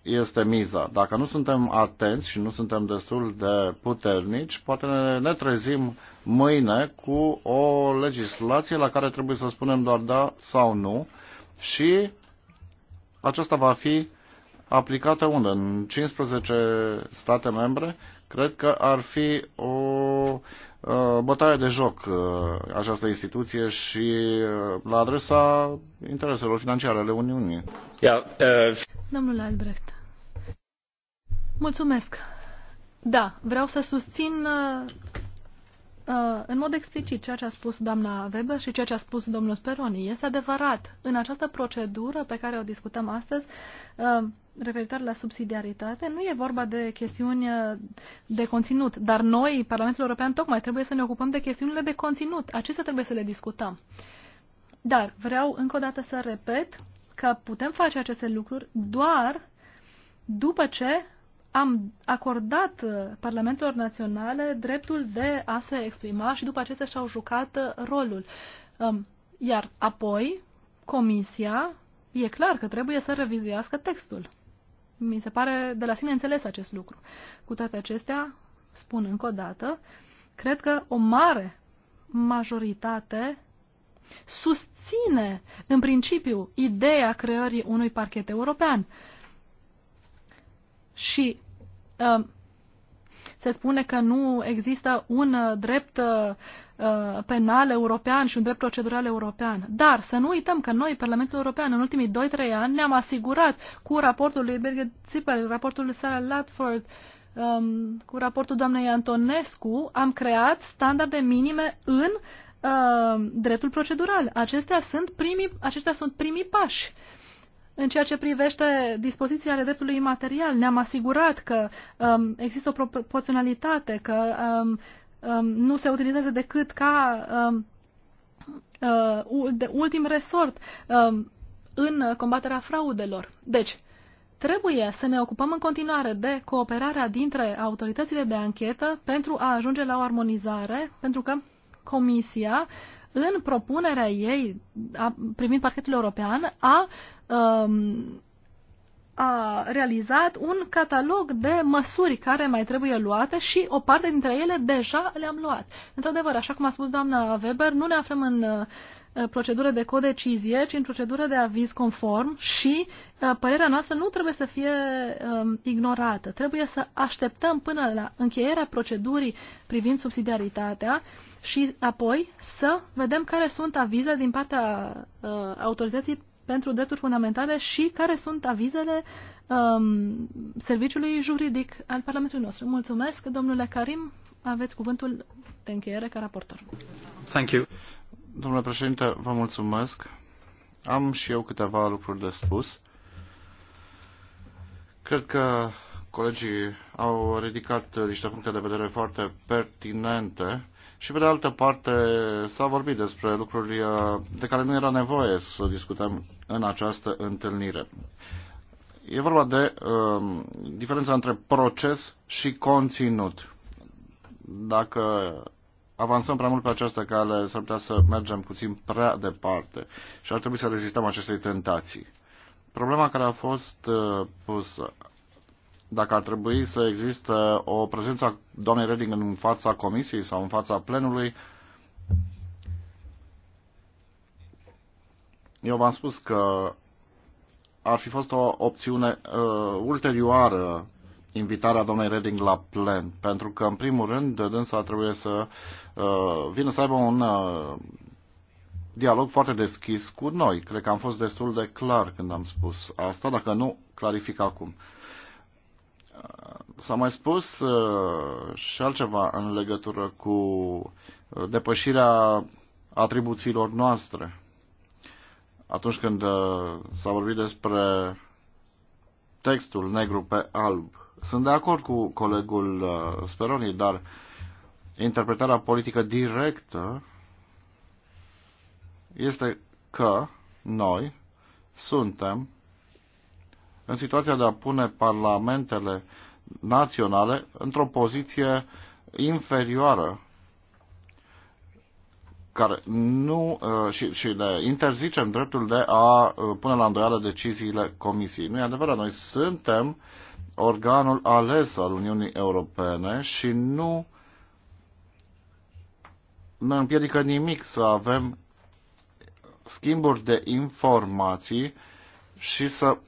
este miza. Dacă nu suntem atenți și nu suntem destul de puternici, poate ne, ne trezim mâine cu o legislație la care trebuie să spunem doar da sau nu și aceasta va fi aplicate unde? În 15 state membre? Cred că ar fi o uh, bătaie de joc uh, această instituție și uh, la adresa intereselor financiare ale Uniunii. Yeah, uh... Domnule Albrecht, mulțumesc. Da, vreau să susțin în mod explicit ceea ce a spus doamna Weber și ceea ce a spus domnul Speroni. Este adevărat, în această procedură pe care o discutăm astăzi, referitor la subsidiaritate, nu e vorba de chestiuni uh, de conținut, dar noi, Parlamentul European, tocmai trebuie să ne ocupăm de chestiunile de conținut. Acestea trebuie să le discutăm. Dar vreau încă o dată să repet că putem face aceste lucruri doar după ce am acordat uh, Parlamentelor Naționale dreptul de a se exprima și după acestea și-au jucat uh, rolul. Um, iar apoi, Comisia, e clar că trebuie să revizuiască textul. Mi se pare de la sine înțeles acest lucru. Cu toate acestea, spun încă o dată, cred că o mare majoritate susține în principiu ideea creării unui parchet european. Și uh, se spune că nu există un uh, drept uh, uh, penal european și un drept procedural european. Dar să nu uităm că noi, Parlamentul European, în ultimii 2-3 ani ne-am asigurat cu raportul lui Birgit Zippel, raportul lui Sarah Latford, um, cu raportul doamnei Antonescu, am creat standarde minime în dreptul procedural. Acestea sunt primii, aceștia sunt primii pași. Uh, în ceea ce privește dispoziția ale dreptului imaterial, ne-am asigurat că um, există o proporționalitate, că um, um, nu se utilizează decât ca um, uh, de ultim resort um, în combaterea fraudelor. Deci, trebuie să ne ocupăm în continuare de cooperarea dintre autoritățile de anchetă pentru a ajunge la o armonizare, pentru că Comisia uh, în propunerea ei a, privind parchetul european a, um, a realizat un catalog de măsuri care mai trebuie luate și o parte dintre ele deja le-am luat. Într-adevăr, așa cum a spus doamna Weber, nu ne aflăm în uh, Uh, procedură de codecizie, ci în procedură de aviz conform și uh, părerea noastră nu trebuie să fie um, ignorată. Trebuie să așteptăm până la încheierea procedurii privind subsidiaritatea și apoi să vedem care sunt avize din partea uh, autorității pentru drepturi fundamentale și care sunt avizele um, serviciului juridic al Parlamentului nostru. Mulțumesc, domnule Karim, aveți cuvântul de încheiere ca raportor. Thank you. Domnule președinte, vă mulțumesc. Am și eu câteva lucruri de spus. Cred că colegii au ridicat niște puncte de vedere foarte pertinente și pe de altă parte s-a vorbit despre lucruri uh, de care nu era nevoie să discutăm în această întâlnire. E vorba de uh, diferența între proces și conținut. Dacă avansăm prea mult pe această cale, s-ar putea să mergem puțin prea departe și ar trebui să rezistăm acestei tentații. Problema care a fost uh, pusă, dacă ar trebui să există o prezență a doamnei Reding în fața comisiei sau în fața plenului, eu v-am spus că ar fi fost o opțiune uh, ulterioară invitarea domnului Reding la plen, pentru că, în primul rând, dânsa trebuie să uh, vină să aibă un uh, dialog foarte deschis cu noi. Cred că am fost destul de clar când am spus asta, dacă nu, clarific acum. S-a mai spus uh, și altceva în legătură cu uh, depășirea atribuțiilor noastre. Atunci când uh, s-a vorbit despre textul negru pe alb, sunt de acord cu colegul uh, Speroni, dar interpretarea politică directă este că noi suntem în situația de a pune parlamentele naționale într-o poziție inferioară care nu, uh, și, și le interzicem dreptul de a uh, pune la îndoială deciziile comisiei. Nu e adevărat, noi suntem uh, organul ales al Uniunii Europene și nu ne împiedică nimic să avem schimburi de informații și să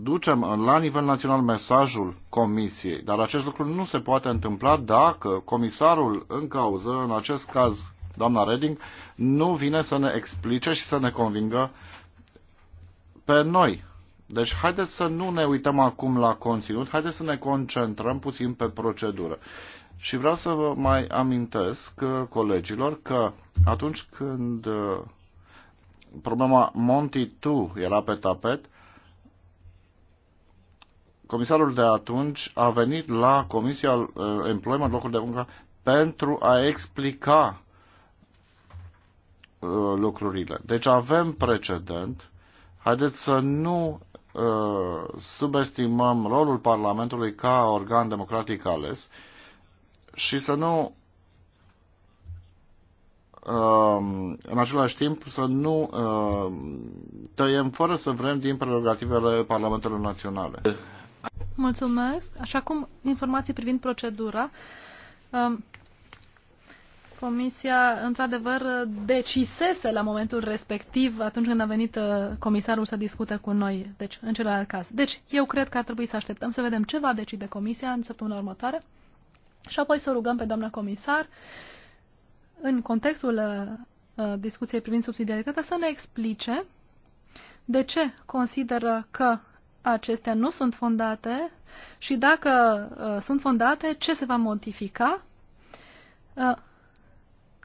ducem la nivel național mesajul Comisiei, dar acest lucru nu se poate întâmpla dacă comisarul în cauză, în acest caz doamna Reding, nu vine să ne explice și să ne convingă pe noi. Deci haideți să nu ne uităm acum la conținut, haideți să ne concentrăm puțin pe procedură. Și vreau să vă mai amintesc uh, colegilor că atunci când uh, problema Monty 2 era pe tapet, comisarul de atunci a venit la Comisia uh, Employment, locul de muncă, pentru a explica lucrurile. Deci avem precedent Haideți să nu uh, subestimăm rolul Parlamentului ca organ democratic ales și să nu um, în același timp să nu um, tăiem fără să vrem din prerogativele Parlamentelor Naționale. Mulțumesc. Așa cum informații privind procedura, um, Comisia, într-adevăr, decisese la momentul respectiv, atunci când a venit uh, comisarul să discute cu noi, deci în celălalt caz. Deci, eu cred că ar trebui să așteptăm să vedem ce va decide Comisia în săptămâna următoare și apoi să o rugăm pe doamna comisar, în contextul uh, uh discuției privind subsidiaritatea, să ne explice de ce consideră că acestea nu sunt fondate și dacă uh, sunt fondate, ce se va modifica uh,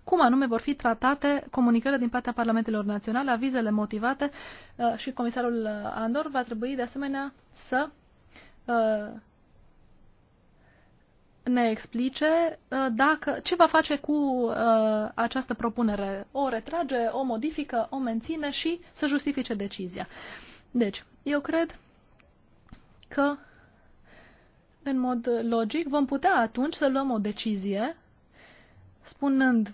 cum anume vor fi tratate comunicările din partea Parlamentelor Naționale, avizele motivate uh, și comisarul uh, Andor va trebui de asemenea să uh, ne explice dacă, ce va face cu această propunere. O retrage, o modifică, o menține și să justifice decizia. Deci, eu cred că în mod logic vom putea atunci să luăm o decizie spunând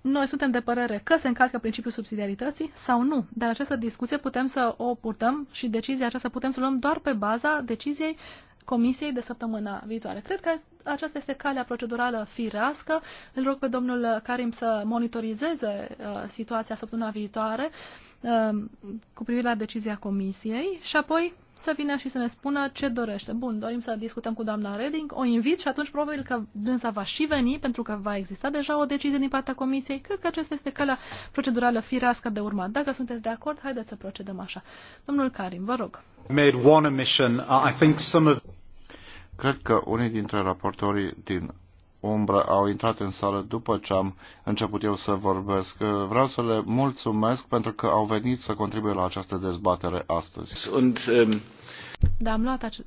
noi suntem de părere că se încalcă principiul subsidiarității sau nu, dar această discuție putem să o purtăm și decizia aceasta putem să o luăm doar pe baza deciziei Comisiei de săptămâna viitoare. Cred că aceasta este calea procedurală firească. Îl rog pe domnul Karim să monitorizeze uh, situația săptămâna viitoare uh, cu privire la decizia Comisiei și apoi să vină și să ne spună ce dorește. Bun, dorim să discutăm cu doamna Reding, o invit și atunci probabil că dânsa va și veni, pentru că va exista deja o decizie din partea comisiei. Cred că acesta este calea procedurală firească de urmat. Dacă sunteți de acord, haideți să procedăm așa. Domnul Karim, vă rog. Cred că unii dintre raportorii din umbră au intrat în sală după ce am început eu să vorbesc. Vreau să le mulțumesc pentru că au venit să contribuie la această dezbatere astăzi. Und, um... Da, am luat, ace-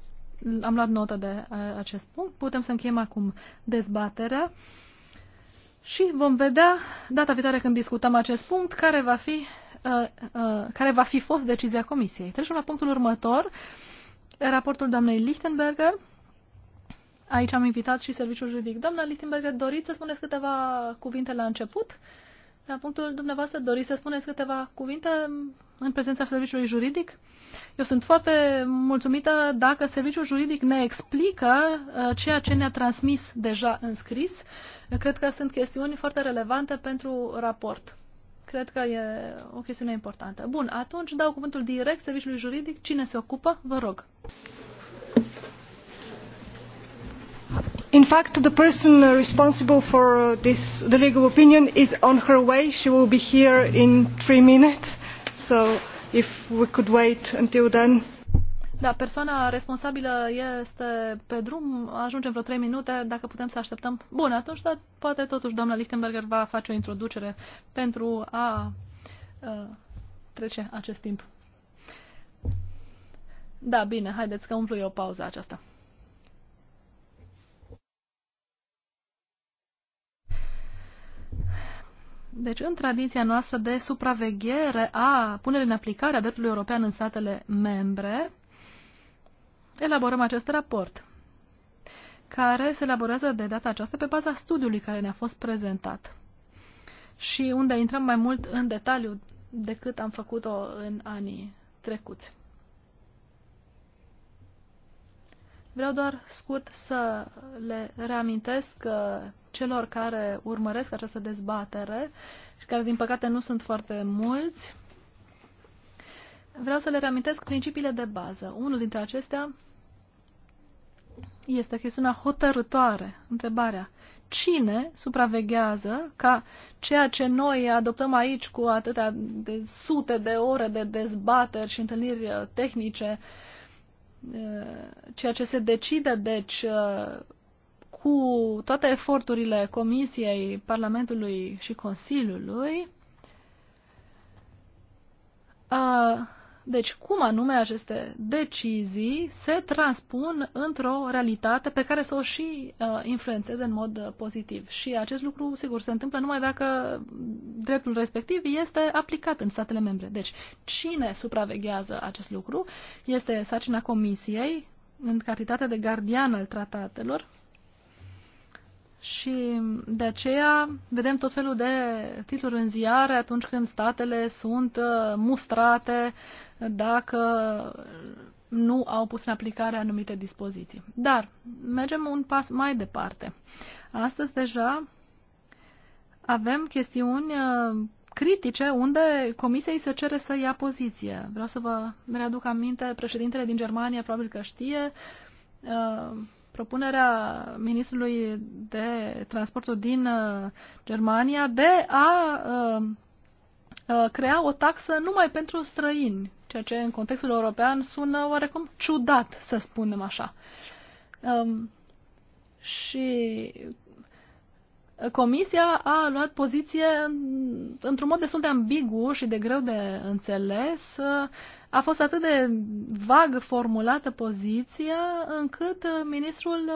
am luat notă de acest punct. Putem să încheiem acum dezbaterea și vom vedea data viitoare când discutăm acest punct care va fi, uh, uh, care va fi fost decizia Comisiei. Trecem la punctul următor, raportul doamnei Lichtenberger Aici am invitat și serviciul juridic. Doamna Lichtenberger, doriți să spuneți câteva cuvinte la început? La punctul dumneavoastră, doriți să spuneți câteva cuvinte în prezența serviciului juridic? Eu sunt foarte mulțumită dacă serviciul juridic ne explică uh, ceea ce ne-a transmis deja în scris. Eu cred că sunt chestiuni foarte relevante pentru raport. Cred că e o chestiune importantă. Bun, atunci dau cuvântul direct serviciului juridic. Cine se ocupă? Vă rog. in fact the person uh, responsible for uh, this, the legal opinion is on her way she will be here in three minutes so if we could wait until then da, persoana responsabilă este pe drum, ajungem vreo 3 minute, dacă putem să așteptăm. Bun, atunci, dar poate totuși doamna Lichtenberger va face o introducere pentru a uh, trece acest timp. Da, bine, haideți că umplu eu pauza aceasta. Deci, în tradiția noastră de supraveghere a punerii în aplicare a dreptului european în statele membre, elaborăm acest raport, care se elaborează de data aceasta pe baza studiului care ne-a fost prezentat și unde intrăm mai mult în detaliu decât am făcut-o în anii trecuți. Vreau doar scurt să le reamintesc uh, celor care urmăresc această dezbatere și care, din păcate, nu sunt foarte mulți. Vreau să le reamintesc principiile de bază. Unul dintre acestea este chestiunea hotărătoare, întrebarea. Cine supraveghează ca ceea ce noi adoptăm aici cu atâtea de sute de ore de dezbateri și întâlniri uh, tehnice uh, Uh, ceea ce se decide, deci, uh, cu toate eforturile Comisiei, Parlamentului și Consiliului, uh, deci, cum anume aceste decizii se transpun într-o realitate pe care să o și uh, influențeze în mod uh, pozitiv. Și acest lucru, sigur, se întâmplă numai dacă dreptul respectiv este aplicat în statele membre. Deci, cine supraveghează acest lucru este sarcina Comisiei, în calitate de gardian al tratatelor, și de aceea vedem tot felul de titluri în ziare atunci când statele sunt uh, mustrate dacă nu au pus în aplicare anumite dispoziții. Dar mergem un pas mai departe. Astăzi deja avem chestiuni uh, critice unde comisiei se cere să ia poziție. Vreau să vă readuc aminte, președintele din Germania probabil că știe, uh, propunerea ministrului de transportul din uh, Germania de a uh, uh, crea o taxă numai pentru străini, ceea ce în contextul european sună oarecum ciudat, să spunem așa. Um, și Comisia a luat poziție într-un mod destul de ambigu și de greu de înțeles. A fost atât de vag formulată poziția încât ministrul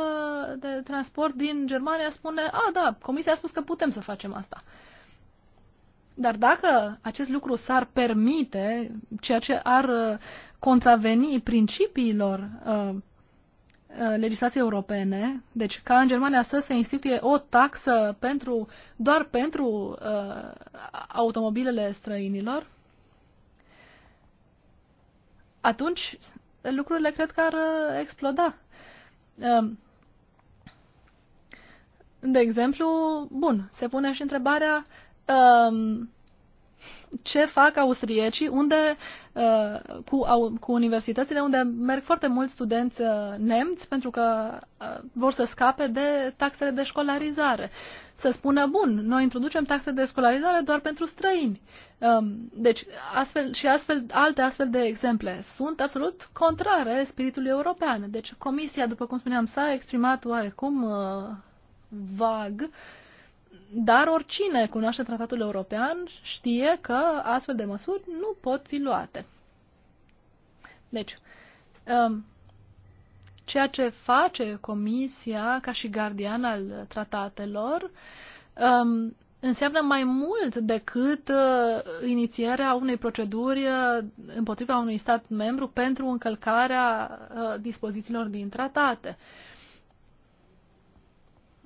de transport din Germania spune, a, da, Comisia a spus că putem să facem asta. Dar dacă acest lucru s-ar permite, ceea ce ar contraveni principiilor uh, Uh, legislației europene, deci ca în Germania să se instituie o taxă pentru, doar pentru uh, automobilele străinilor, atunci lucrurile cred că ar uh, exploda. Uh, de exemplu, bun, se pune și întrebarea uh, ce fac austriecii unde, uh, cu, au, cu universitățile unde merg foarte mulți studenți uh, nemți pentru că uh, vor să scape de taxele de școlarizare. Să spună, bun, noi introducem taxe de școlarizare doar pentru străini. Um, deci, astfel și astfel, alte astfel de exemple sunt absolut contrare spiritului european. Deci, Comisia, după cum spuneam, s-a exprimat oarecum vag uh, dar oricine cunoaște tratatul european știe că astfel de măsuri nu pot fi luate. Deci, um, ceea ce face Comisia ca și gardian al tratatelor um, înseamnă mai mult decât uh, inițierea unei proceduri uh, împotriva unui stat membru pentru încălcarea uh, dispozițiilor din tratate. Uh,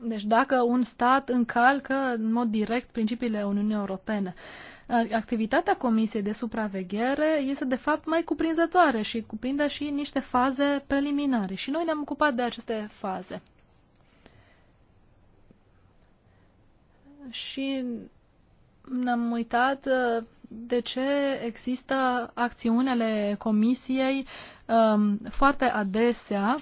deci dacă un stat încalcă în mod direct principiile Uniunii Europene. Activitatea Comisiei de Supraveghere este de fapt mai cuprinzătoare și cuprinde și niște faze preliminare. Și noi ne-am ocupat de aceste faze. Și ne-am uitat de ce există acțiunile Comisiei um, foarte adesea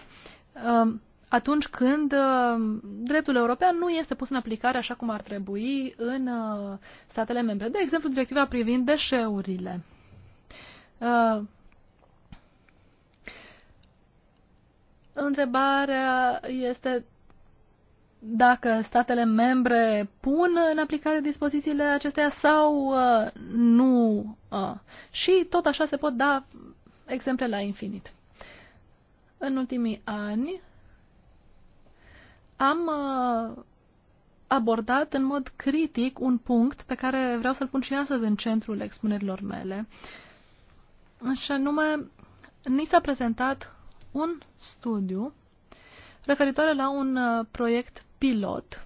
um, atunci când uh, dreptul european nu este pus în aplicare așa cum ar trebui în uh, statele membre. De exemplu, directiva privind deșeurile. Uh, întrebarea este dacă statele membre pun în aplicare dispozițiile acesteia sau uh, nu. Uh. Și tot așa se pot da exemple la infinit. În ultimii ani, am uh, abordat în mod critic un punct pe care vreau să-l pun și astăzi în centrul expunerilor mele. Și anume, ni s-a prezentat un studiu referitor la un uh, proiect pilot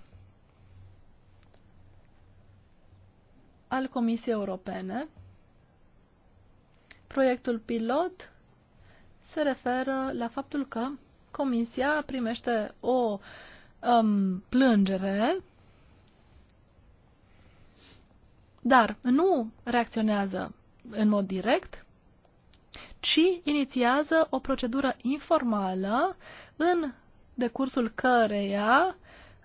al Comisiei Europene. Proiectul pilot se referă la faptul că Comisia primește o uh, um, plângere, dar nu reacționează în mod direct, ci inițiază o procedură informală în decursul căreia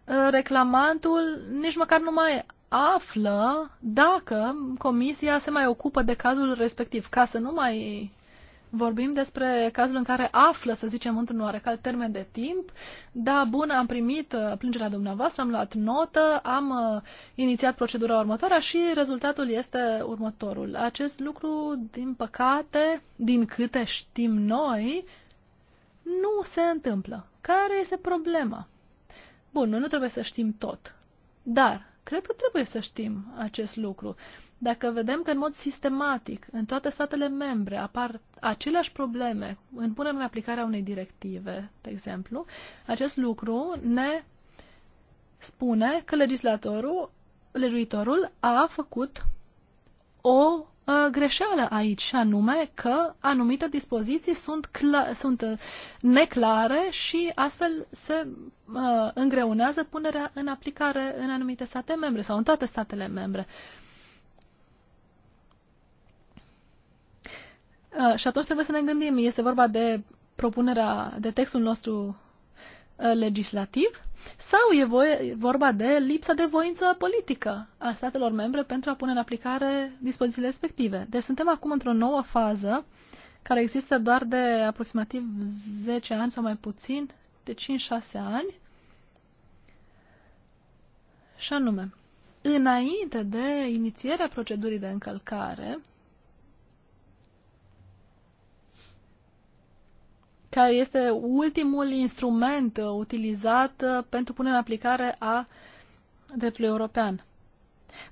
uh, reclamantul nici măcar nu mai află dacă comisia se mai ocupă de cazul respectiv, ca să nu mai vorbim despre cazul în care află, să zicem, într-un oarecare termen de timp, da, bun, am primit uh, plângerea dumneavoastră, am luat notă, am uh, inițiat procedura următoare și rezultatul este următorul. Acest lucru, din păcate, din câte știm noi, nu se întâmplă. Care este problema? Bun, noi nu trebuie să știm tot, dar cred că trebuie să știm acest lucru. Dacă vedem că în mod sistematic în toate statele membre apar aceleași probleme în punerea în aplicare a unei directive, de exemplu, acest lucru ne spune că legislatorul, legiuitorul a făcut o a, uh, greșeală aici, anume că anumite dispoziții sunt, sunt uh, neclare și astfel se uh, îngreunează punerea în aplicare în anumite state membre sau în toate statele membre. Uh, Uh, și atunci trebuie să ne gândim, este vorba de propunerea, de textul nostru uh, legislativ sau e vorba de lipsa de voință politică a statelor membre pentru a pune în aplicare dispozițiile respective. Deci suntem acum într-o nouă fază care există doar de aproximativ 10 ani sau mai puțin, de 5-6 ani. Și anume, înainte de inițierea procedurii de încălcare, care este ultimul instrument uh, utilizat uh, pentru punerea în aplicare a dreptului european.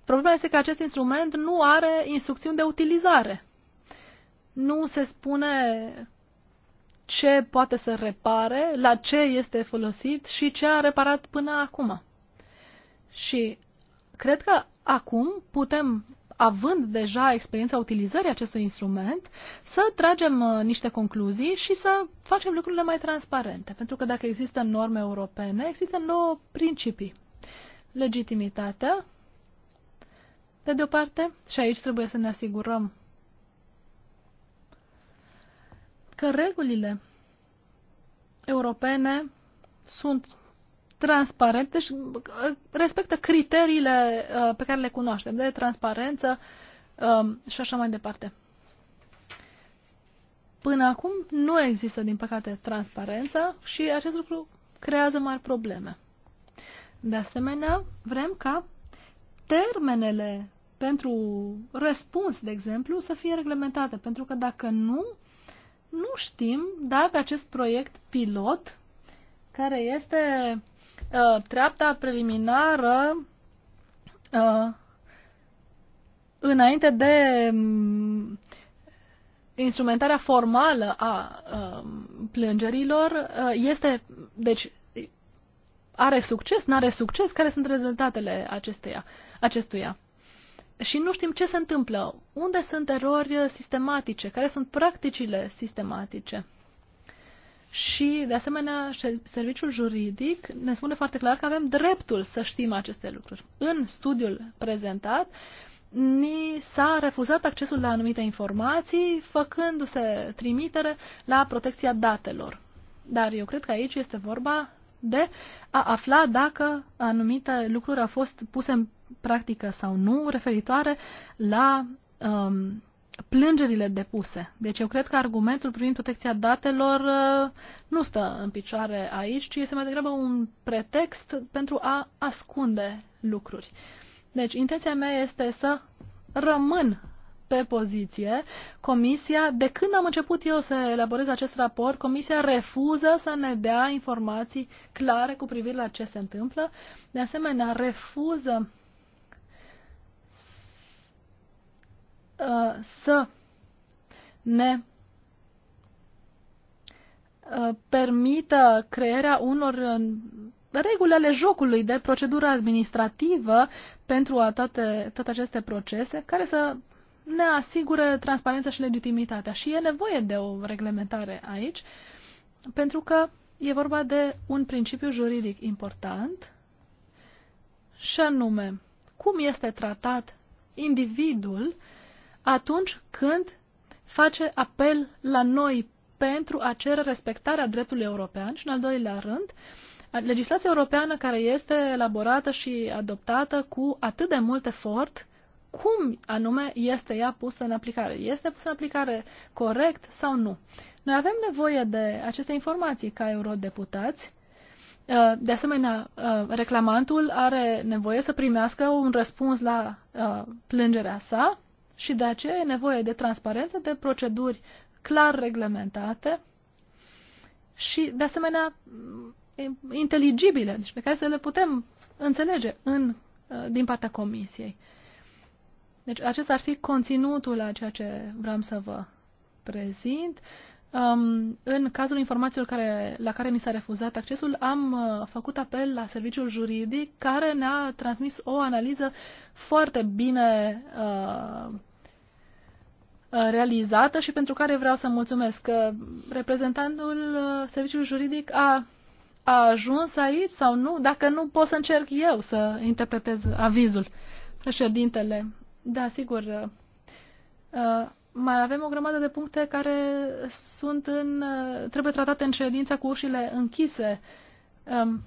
Problema este că acest instrument nu are instrucțiuni de utilizare. Nu se spune ce poate să repare, la ce este folosit și ce a reparat până acum. Și cred că acum putem având deja experiența utilizării acestui instrument, să tragem uh, niște concluzii și să facem lucrurile mai transparente. Pentru că dacă există norme europene, există nouă principii. Legitimitatea, de, de o parte, și aici trebuie să ne asigurăm că regulile europene sunt transparent, deci uh, respectă criteriile uh, pe care le cunoaștem, de transparență um, și așa mai departe. Până acum nu există, din păcate, transparență și acest lucru creează mari probleme. De asemenea, vrem ca termenele pentru răspuns, de exemplu, să fie reglementate, pentru că dacă nu, nu știm dacă acest proiect pilot, care este Uh, treapta preliminară uh, înainte de um, instrumentarea formală a uh, plângerilor uh, este, deci, are succes, nu are succes, care sunt rezultatele acesteia, acestuia. Și nu știm ce se întâmplă, unde sunt erori sistematice, care sunt practicile sistematice. Și, de asemenea, serviciul juridic ne spune foarte clar că avem dreptul să știm aceste lucruri. În studiul prezentat, ni s-a refuzat accesul la anumite informații, făcându-se trimitere la protecția datelor. Dar eu cred că aici este vorba de a afla dacă anumite lucruri au fost puse în practică sau nu, referitoare la um, plângerile depuse. Deci eu cred că argumentul privind protecția datelor uh, nu stă în picioare aici, ci este mai degrabă un pretext pentru a ascunde lucruri. Deci intenția mea este să rămân pe poziție. Comisia, de când am început eu să elaborez acest raport, Comisia refuză să ne dea informații clare cu privire la ce se întâmplă. De asemenea, refuză Uh, să ne uh, permită crearea unor reguli ale jocului de procedură administrativă pentru a toate, toate aceste procese care să ne asigure transparența și legitimitatea. Și e nevoie de o reglementare aici, pentru că e vorba de un principiu juridic important, și anume, cum este tratat individul uh, atunci când face apel la noi pentru a cere respectarea dreptului european și, în al doilea rând, legislația europeană care este elaborată și adoptată cu atât de mult efort, cum anume este ea pusă în aplicare? Este pusă în aplicare corect sau nu? Noi avem nevoie de aceste informații ca eurodeputați. Uh, de asemenea, uh, reclamantul are nevoie să primească un răspuns la uh, plângerea sa și de aceea e nevoie de transparență, de proceduri clar reglementate și, de asemenea, inteligibile, deci pe care să le putem înțelege în, uh, din partea comisiei. Deci acesta ar fi conținutul a ceea ce vreau să vă prezint. Um, în cazul informațiilor care, la care ni s-a refuzat accesul, am uh, făcut apel la serviciul juridic care ne-a transmis o analiză foarte bine uh, uh realizată și pentru care vreau să mulțumesc. Uh, reprezentantul uh, serviciului juridic a, a ajuns aici sau nu? Dacă nu, pot să încerc eu să interpretez avizul. Președintele, da, sigur. Uh, mai avem o grămadă de puncte care sunt în, trebuie tratate în ședința cu ușile închise. Um,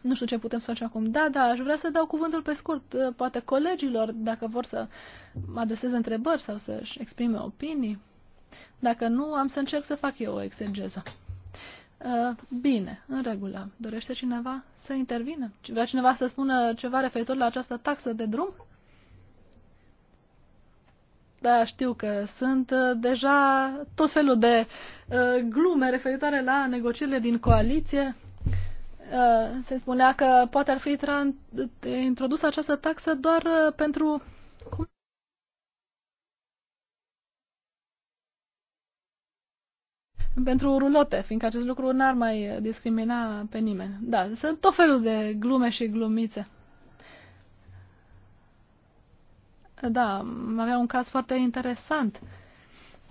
nu știu ce putem să facem acum. Da, da, aș vrea să dau cuvântul pe scurt, uh, poate colegilor, dacă vor să adreseze întrebări sau să-și exprime opinii. Dacă nu, am să încerc să fac eu o exegeză. Uh, bine, în regulă. Dorește cineva să intervină? Vrea cineva să spună ceva referitor la această taxă de drum? da, știu că sunt uh, deja tot felul de uh, glume referitoare la negocierile din coaliție. Uh, se spunea că poate ar fi introdusă această taxă doar uh, pentru. Cum? pentru rulote, fiindcă acest lucru n-ar mai discrimina pe nimeni. Da, sunt tot felul de glume și glumițe. Da, avea un caz foarte interesant,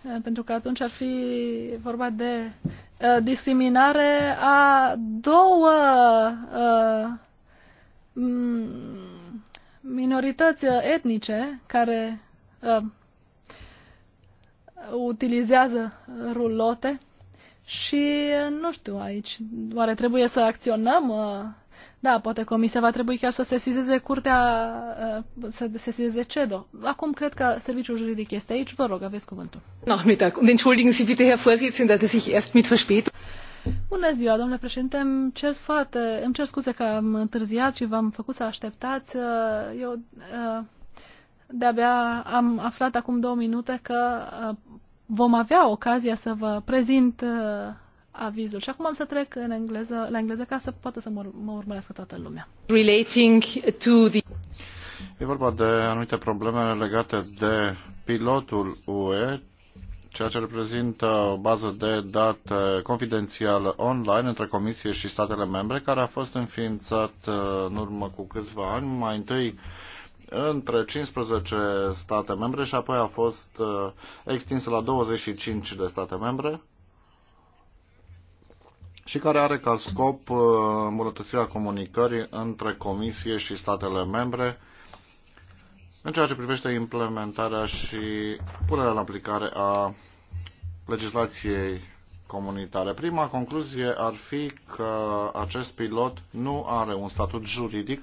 eh, pentru că atunci ar fi vorba de eh, discriminare a două eh, minorități etnice care utilizează rulote și, nu știu, aici, oare trebuie să acționăm da, poate comisia va trebui chiar să sesizeze curtea, uh, să sesizeze CEDO. Acum cred că serviciul juridic este aici. Vă rog, aveți cuvântul. Nachmittag. Und um entschuldigen Sie bitte, Herr Vorsitzender, dass ich erst mit verspät. Bună ziua, domnule președinte. Îmi cer, fate, îmi cer scuze că am întârziat și v-am făcut să așteptați. Uh, eu uh, de-abia am aflat acum două minute că vom avea ocazia să vă prezint avizul. Și acum am să trec în engleză, la engleză ca să poată să mă, urmărească toată lumea. Relating to the... E vorba de anumite probleme legate de pilotul UE, ceea ce reprezintă o bază de date confidențială online între Comisie și statele membre, care a fost înființat uh, în urmă cu câțiva ani, mai întâi între 15 state membre și apoi a fost uh, extinsă la 25 de state membre și care are ca scop uh, îmbunătățirea comunicării între Comisie și statele membre în ceea ce privește implementarea și punerea în aplicare a legislației comunitare. Prima concluzie ar fi că acest pilot nu are un statut juridic,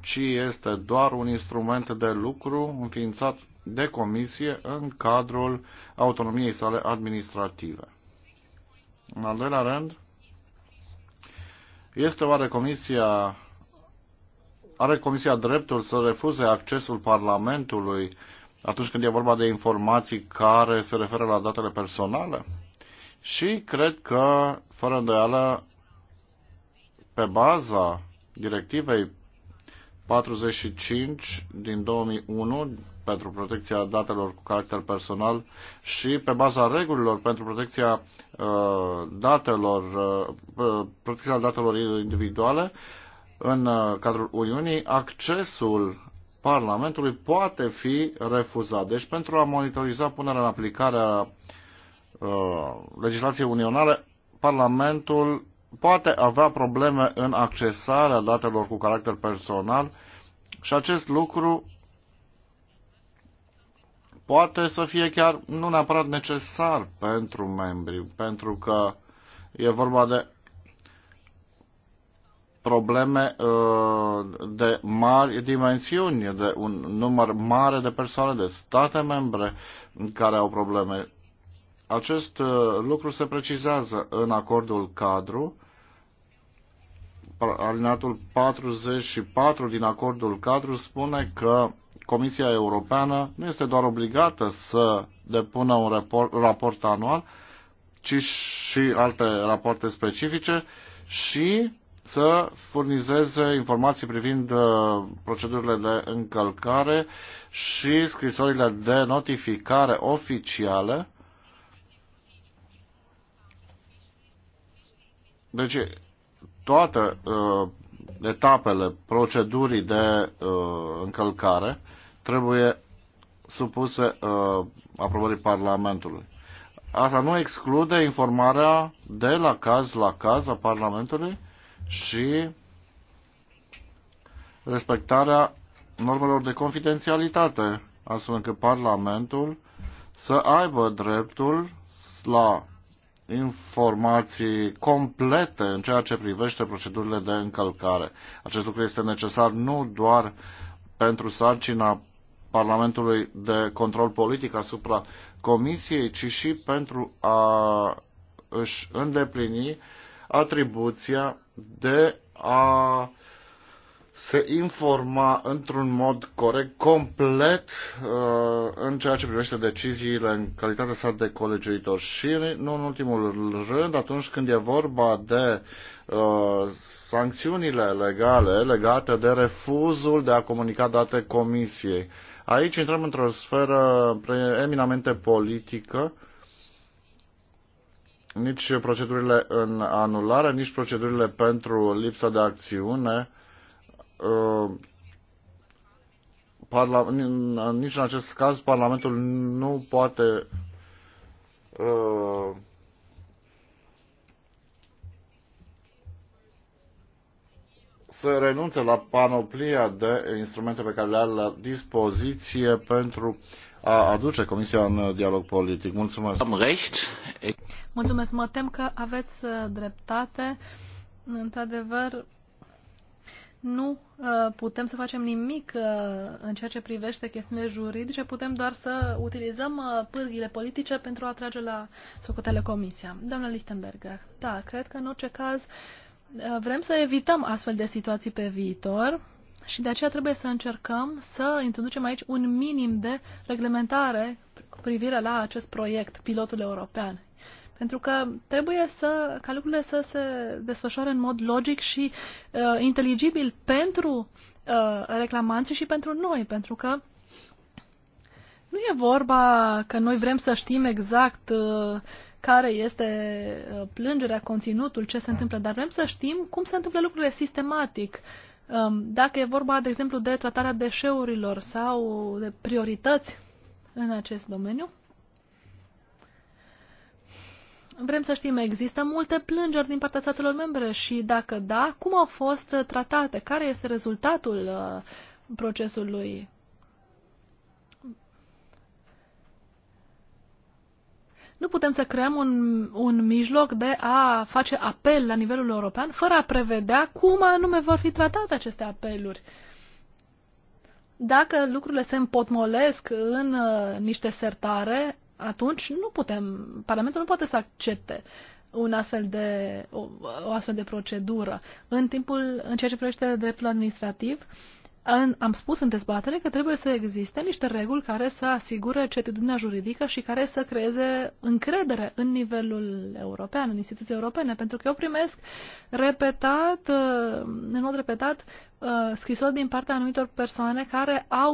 ci este doar un instrument de lucru înființat de comisie în cadrul autonomiei sale administrative. În al doilea rând, este oare Comisia, are Comisia dreptul să refuze accesul Parlamentului atunci când e vorba de informații care se referă la datele personale? Și cred că, fără îndoială, pe baza directivei 45 din 2001 pentru protecția datelor cu caracter personal și pe baza regulilor pentru protecția uh, datelor, uh, uh, protecția datelor individuale în cadrul Uniunii, accesul Parlamentului poate fi refuzat. Deci pentru a monitoriza punerea în aplicare a legislației unionale, Parlamentul poate avea probleme în accesarea datelor cu caracter personal și acest lucru poate să fie chiar nu neapărat necesar pentru membri, pentru că e vorba de probleme uh, de mari dimensiuni, de un număr mare de persoane, de state membre care au probleme. Acest uh, lucru se precizează în acordul cadru, alineatul 44 din acordul cadru spune că Comisia Europeană nu este doar obligată să depună un raport, raport anual, ci și alte rapoarte specifice și să furnizeze informații privind uh, procedurile de încălcare și scrisorile de notificare oficiale. Deci toate uh, etapele procedurii de uh, încălcare trebuie supuse uh, aprobării Parlamentului. Asta nu exclude informarea de la caz la caz a Parlamentului și respectarea normelor de confidențialitate, astfel încât Parlamentul să aibă dreptul la informații complete în ceea ce privește procedurile de încălcare. Acest lucru este necesar nu doar pentru sarcina Parlamentului de control politic asupra Comisiei, ci și pentru a își îndeplini atribuția de a se informa într-un mod corect, complet, uh, în ceea ce privește deciziile în calitatea sa de colegiuitor. Și, nu în ultimul rând, atunci când e vorba de uh, sancțiunile legale legate de refuzul de a comunica date comisiei. Aici intrăm într-o sferă eminamente politică. Nici procedurile în anulare, nici procedurile pentru lipsa de acțiune uh, Parla... nici în acest caz Parlamentul nu poate uh, să renunțe la panoplia de instrumente pe care le are la dispoziție pentru a aduce Comisia în dialog politic. Mulțumesc. Am recht. Mulțumesc. Mă tem că aveți uh, dreptate. Într-adevăr, nu uh, putem să facem nimic uh, în ceea ce privește chestiunile juridice, putem doar să utilizăm pârghile politice pentru a atrage la socotele comisia. Doamna Lichtenberger, da, cred că în orice caz vrem să evităm astfel de situații pe viitor și de aceea trebuie să încercăm să introducem aici un minim de reglementare cu privire la acest proiect, pilotul european. Pentru că trebuie să, ca lucrurile să se desfășoare în mod logic și uh, inteligibil pentru uh, reclamanții și pentru noi, pentru că nu e vorba că noi vrem să știm exact uh, care este uh, plângerea, conținutul, ce se întâmplă, dar vrem să știm cum se întâmplă lucrurile sistematic. Um, dacă e vorba, de exemplu, de tratarea deșeurilor sau de priorități în acest domeniu. Vrem să știm, există multe plângeri din partea statelor membre și dacă da, cum au fost tratate, care este rezultatul uh, procesului Nu putem să creăm un, un mijloc de a face apel la nivelul european fără a prevedea cum anume vor fi tratate aceste apeluri. Dacă lucrurile se împotmolesc în uh, niște sertare, atunci nu putem, Parlamentul nu poate să accepte un astfel de, o, o astfel de procedură. În timpul, în ceea ce privește dreptul administrativ, uh, în, am spus în dezbatere că trebuie să existe niște reguli care să asigure certitudinea juridică și care să creeze încredere în nivelul european, în instituții europene, pentru că eu primesc repetat, uh, în mod repetat, uh, scrisori din partea anumitor persoane care au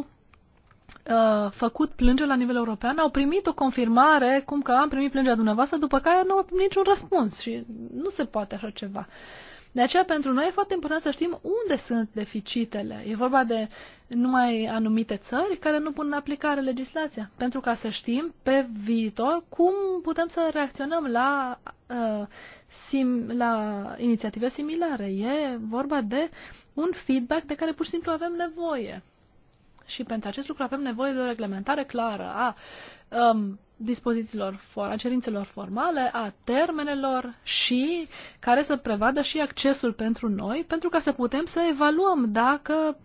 uh, făcut plângeri la nivel european, au primit o confirmare cum că am primit plângerea dumneavoastră, după care nu au primit niciun răspuns și nu se poate așa ceva. Uh, de aceea, pentru noi e foarte important să știm unde sunt deficitele. E vorba de numai anumite țări care nu pun în aplicare legislația, pentru ca să știm pe viitor cum putem să reacționăm la, uh, sim, la inițiative similare. E vorba de un feedback de care pur și simplu avem nevoie. Și pentru acest lucru avem nevoie de o reglementare clară a um, dispozițiilor, for, a cerințelor formale, a termenelor și care să prevadă și accesul pentru noi, pentru ca să putem să evaluăm dacă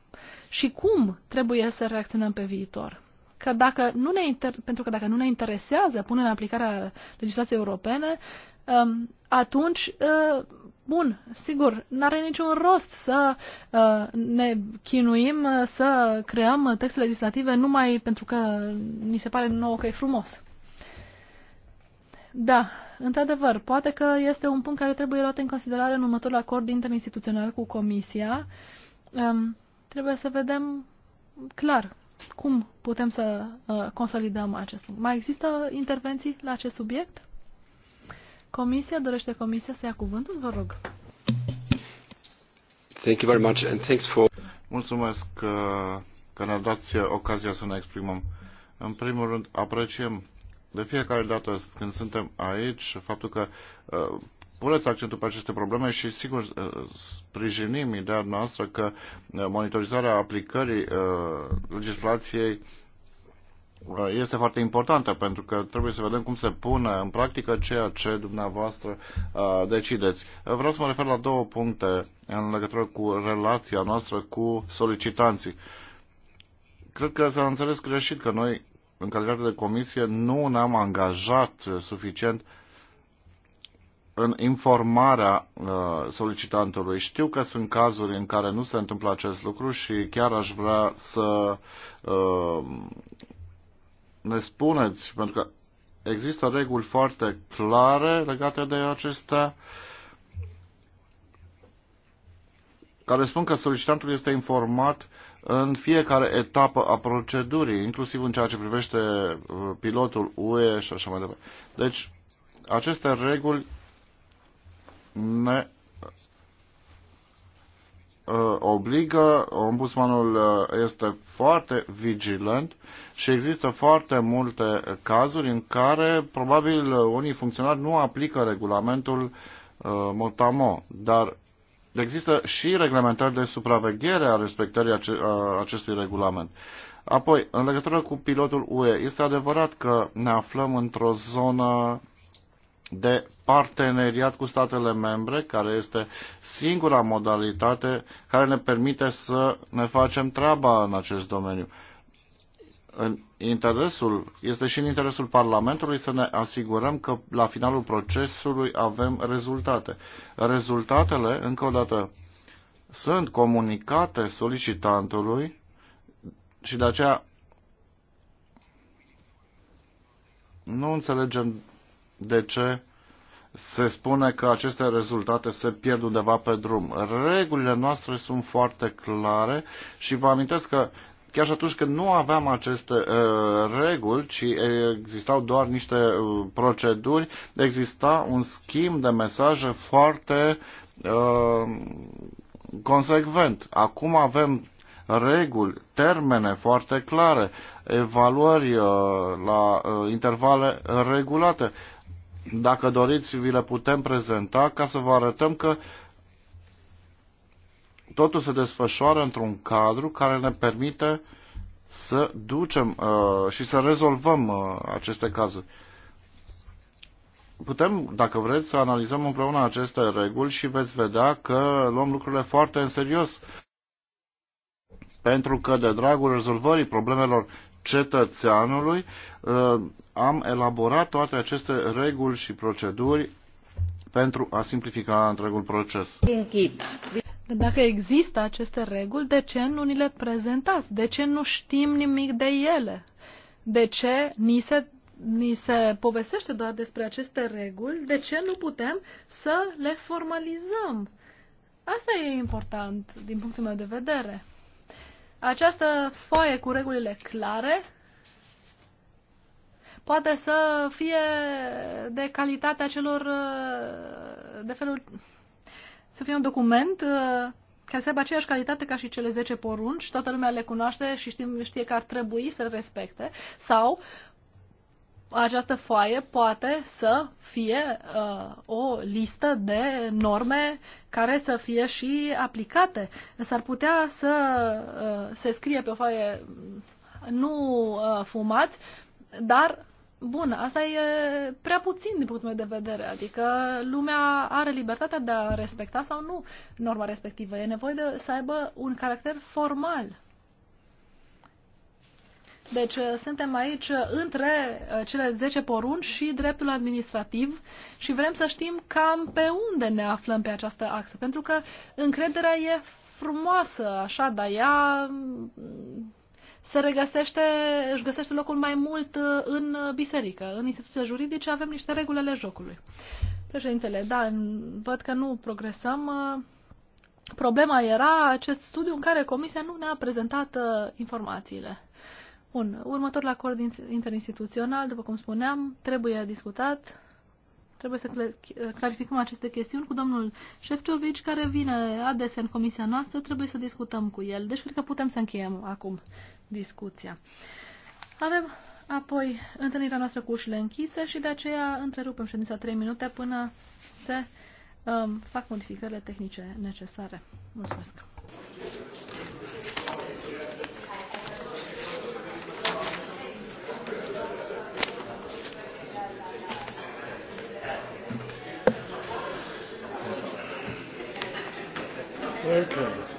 și cum trebuie să reacționăm pe viitor. Că dacă nu ne inter- pentru că dacă nu ne interesează punerea în aplicare a legislației europene, um, atunci uh, Bun, sigur, n-are niciun rost să uh, ne chinuim să creăm texte legislative numai pentru că ni se pare nouă că e frumos. Da, într-adevăr, poate că este un punct care trebuie luat în considerare în următorul acord interinstituțional cu Comisia. Um, trebuie să vedem clar cum putem să uh, consolidăm acest punct. Mai există intervenții la acest subiect? Comisia, dorește comisia să ia cuvântul, vă rog. Thank you very much and thanks for... Mulțumesc că, că ne dați ocazia să ne exprimăm. În primul rând, apreciem de fiecare dată când suntem aici faptul că uh, puneți accentul pe aceste probleme și, sigur, uh, sprijinim ideea noastră că uh, monitorizarea aplicării uh, legislației uh, Ă, este foarte importantă pentru că trebuie să vedem cum se pune în practică ceea ce dumneavoastră ă, decideți. Vreau să mă refer la două puncte în legătură cu relația noastră cu solicitanții. Cred că s-a înțeles greșit că noi, în calitate de comisie, nu ne-am angajat suficient în informarea ă, solicitantului. Știu că sunt cazuri în care nu se întâmplă acest lucru și chiar aș vrea să ne spuneți, pentru că există reguli foarte clare legate de acestea, care spun că solicitantul este informat în fiecare etapă a procedurii, inclusiv în ceea ce privește uh, pilotul UE și așa mai departe. Deci, aceste reguli ne Uh, obligă, ombudsmanul uh, este foarte vigilent și există foarte multe cazuri în care probabil unii funcționari nu aplică regulamentul uh, Motamo, dar există și reglementări de supraveghere a respectării acestui regulament. Apoi, în legătură cu pilotul UE, este adevărat că ne aflăm într-o zonă de parteneriat cu statele membre, care este singura modalitate care ne permite să ne facem treaba în acest domeniu. În interesul, este și în interesul Parlamentului să ne asigurăm că la finalul procesului avem rezultate. Rezultatele, încă o dată, sunt comunicate solicitantului și de aceea nu înțelegem de ce se spune că aceste rezultate se pierd undeva pe drum. Regulile noastre sunt foarte clare și vă amintesc că chiar și atunci când nu aveam aceste uh, reguli, ci existau doar niște uh, proceduri, exista un schimb de mesaje foarte uh, consecvent. Acum avem reguli, termene foarte clare, evaluări uh, la uh, intervale regulate. Uh, dacă doriți, vi le putem prezenta ca să vă arătăm că totul se desfășoară într-un cadru care ne permite să ducem uh, și să rezolvăm uh, aceste cazuri. Putem, dacă vreți, să analizăm împreună aceste reguli și veți vedea că luăm lucrurile foarte în serios. Pentru că, de dragul rezolvării problemelor cetățeanului, uh, am elaborat toate aceste reguli și proceduri pentru a simplifica întregul proces. Dacă există aceste reguli, de ce nu ni le prezentați? De ce nu știm nimic de ele? De ce ni se, ni se povestește doar despre aceste reguli? De ce nu putem să le formalizăm? Asta e important din punctul meu de vedere. Această foaie cu regulile clare poate să fie de calitatea celor de felul să fie un document uh, care să aibă aceeași calitate ca și cele 10 porunci, toată lumea le cunoaște și știe că ar trebui să le respecte, sau această foaie poate să fie uh, o listă de norme care să fie și aplicate. S-ar putea să uh, se scrie pe o foaie mm, nu uh, fumați, dar Bun, asta e prea puțin din punctul meu de vedere. Adică lumea are libertatea de a respecta sau nu norma respectivă. E nevoie de, să aibă un caracter formal. Deci uh, suntem aici uh, între uh, cele 10 porunci și dreptul administrativ și vrem să știm cam pe unde ne aflăm pe această axă, pentru că încrederea e frumoasă, așa, dar ea mm, se regăsește, își găsește locul mai mult în biserică. În instituții juridice avem niște regulile jocului. Președintele, da, văd că nu progresăm. Problema era acest studiu în care comisia nu ne-a prezentat informațiile. Bun, următorul acord interinstituțional, după cum spuneam, trebuie discutat, trebuie să clarificăm aceste chestiuni cu domnul Șefciovici, care vine adesea în comisia noastră, trebuie să discutăm cu el. Deci cred că putem să încheiem acum discuția. Avem apoi întâlnirea noastră cu ușile închise și de aceea întrerupem ședința 3 minute până se um, fac modificările tehnice necesare. Mulțumesc! Okay. Exact.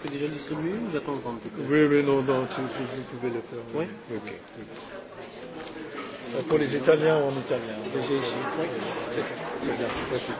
que déjà distribué ou j'attends encore un petit peu Oui, mais non, non, tu, tu, tu pouvais le faire. Oui, oui. Ok. Pour les Italiens en italien. Déjà ici. Oui. Très bien. Merci.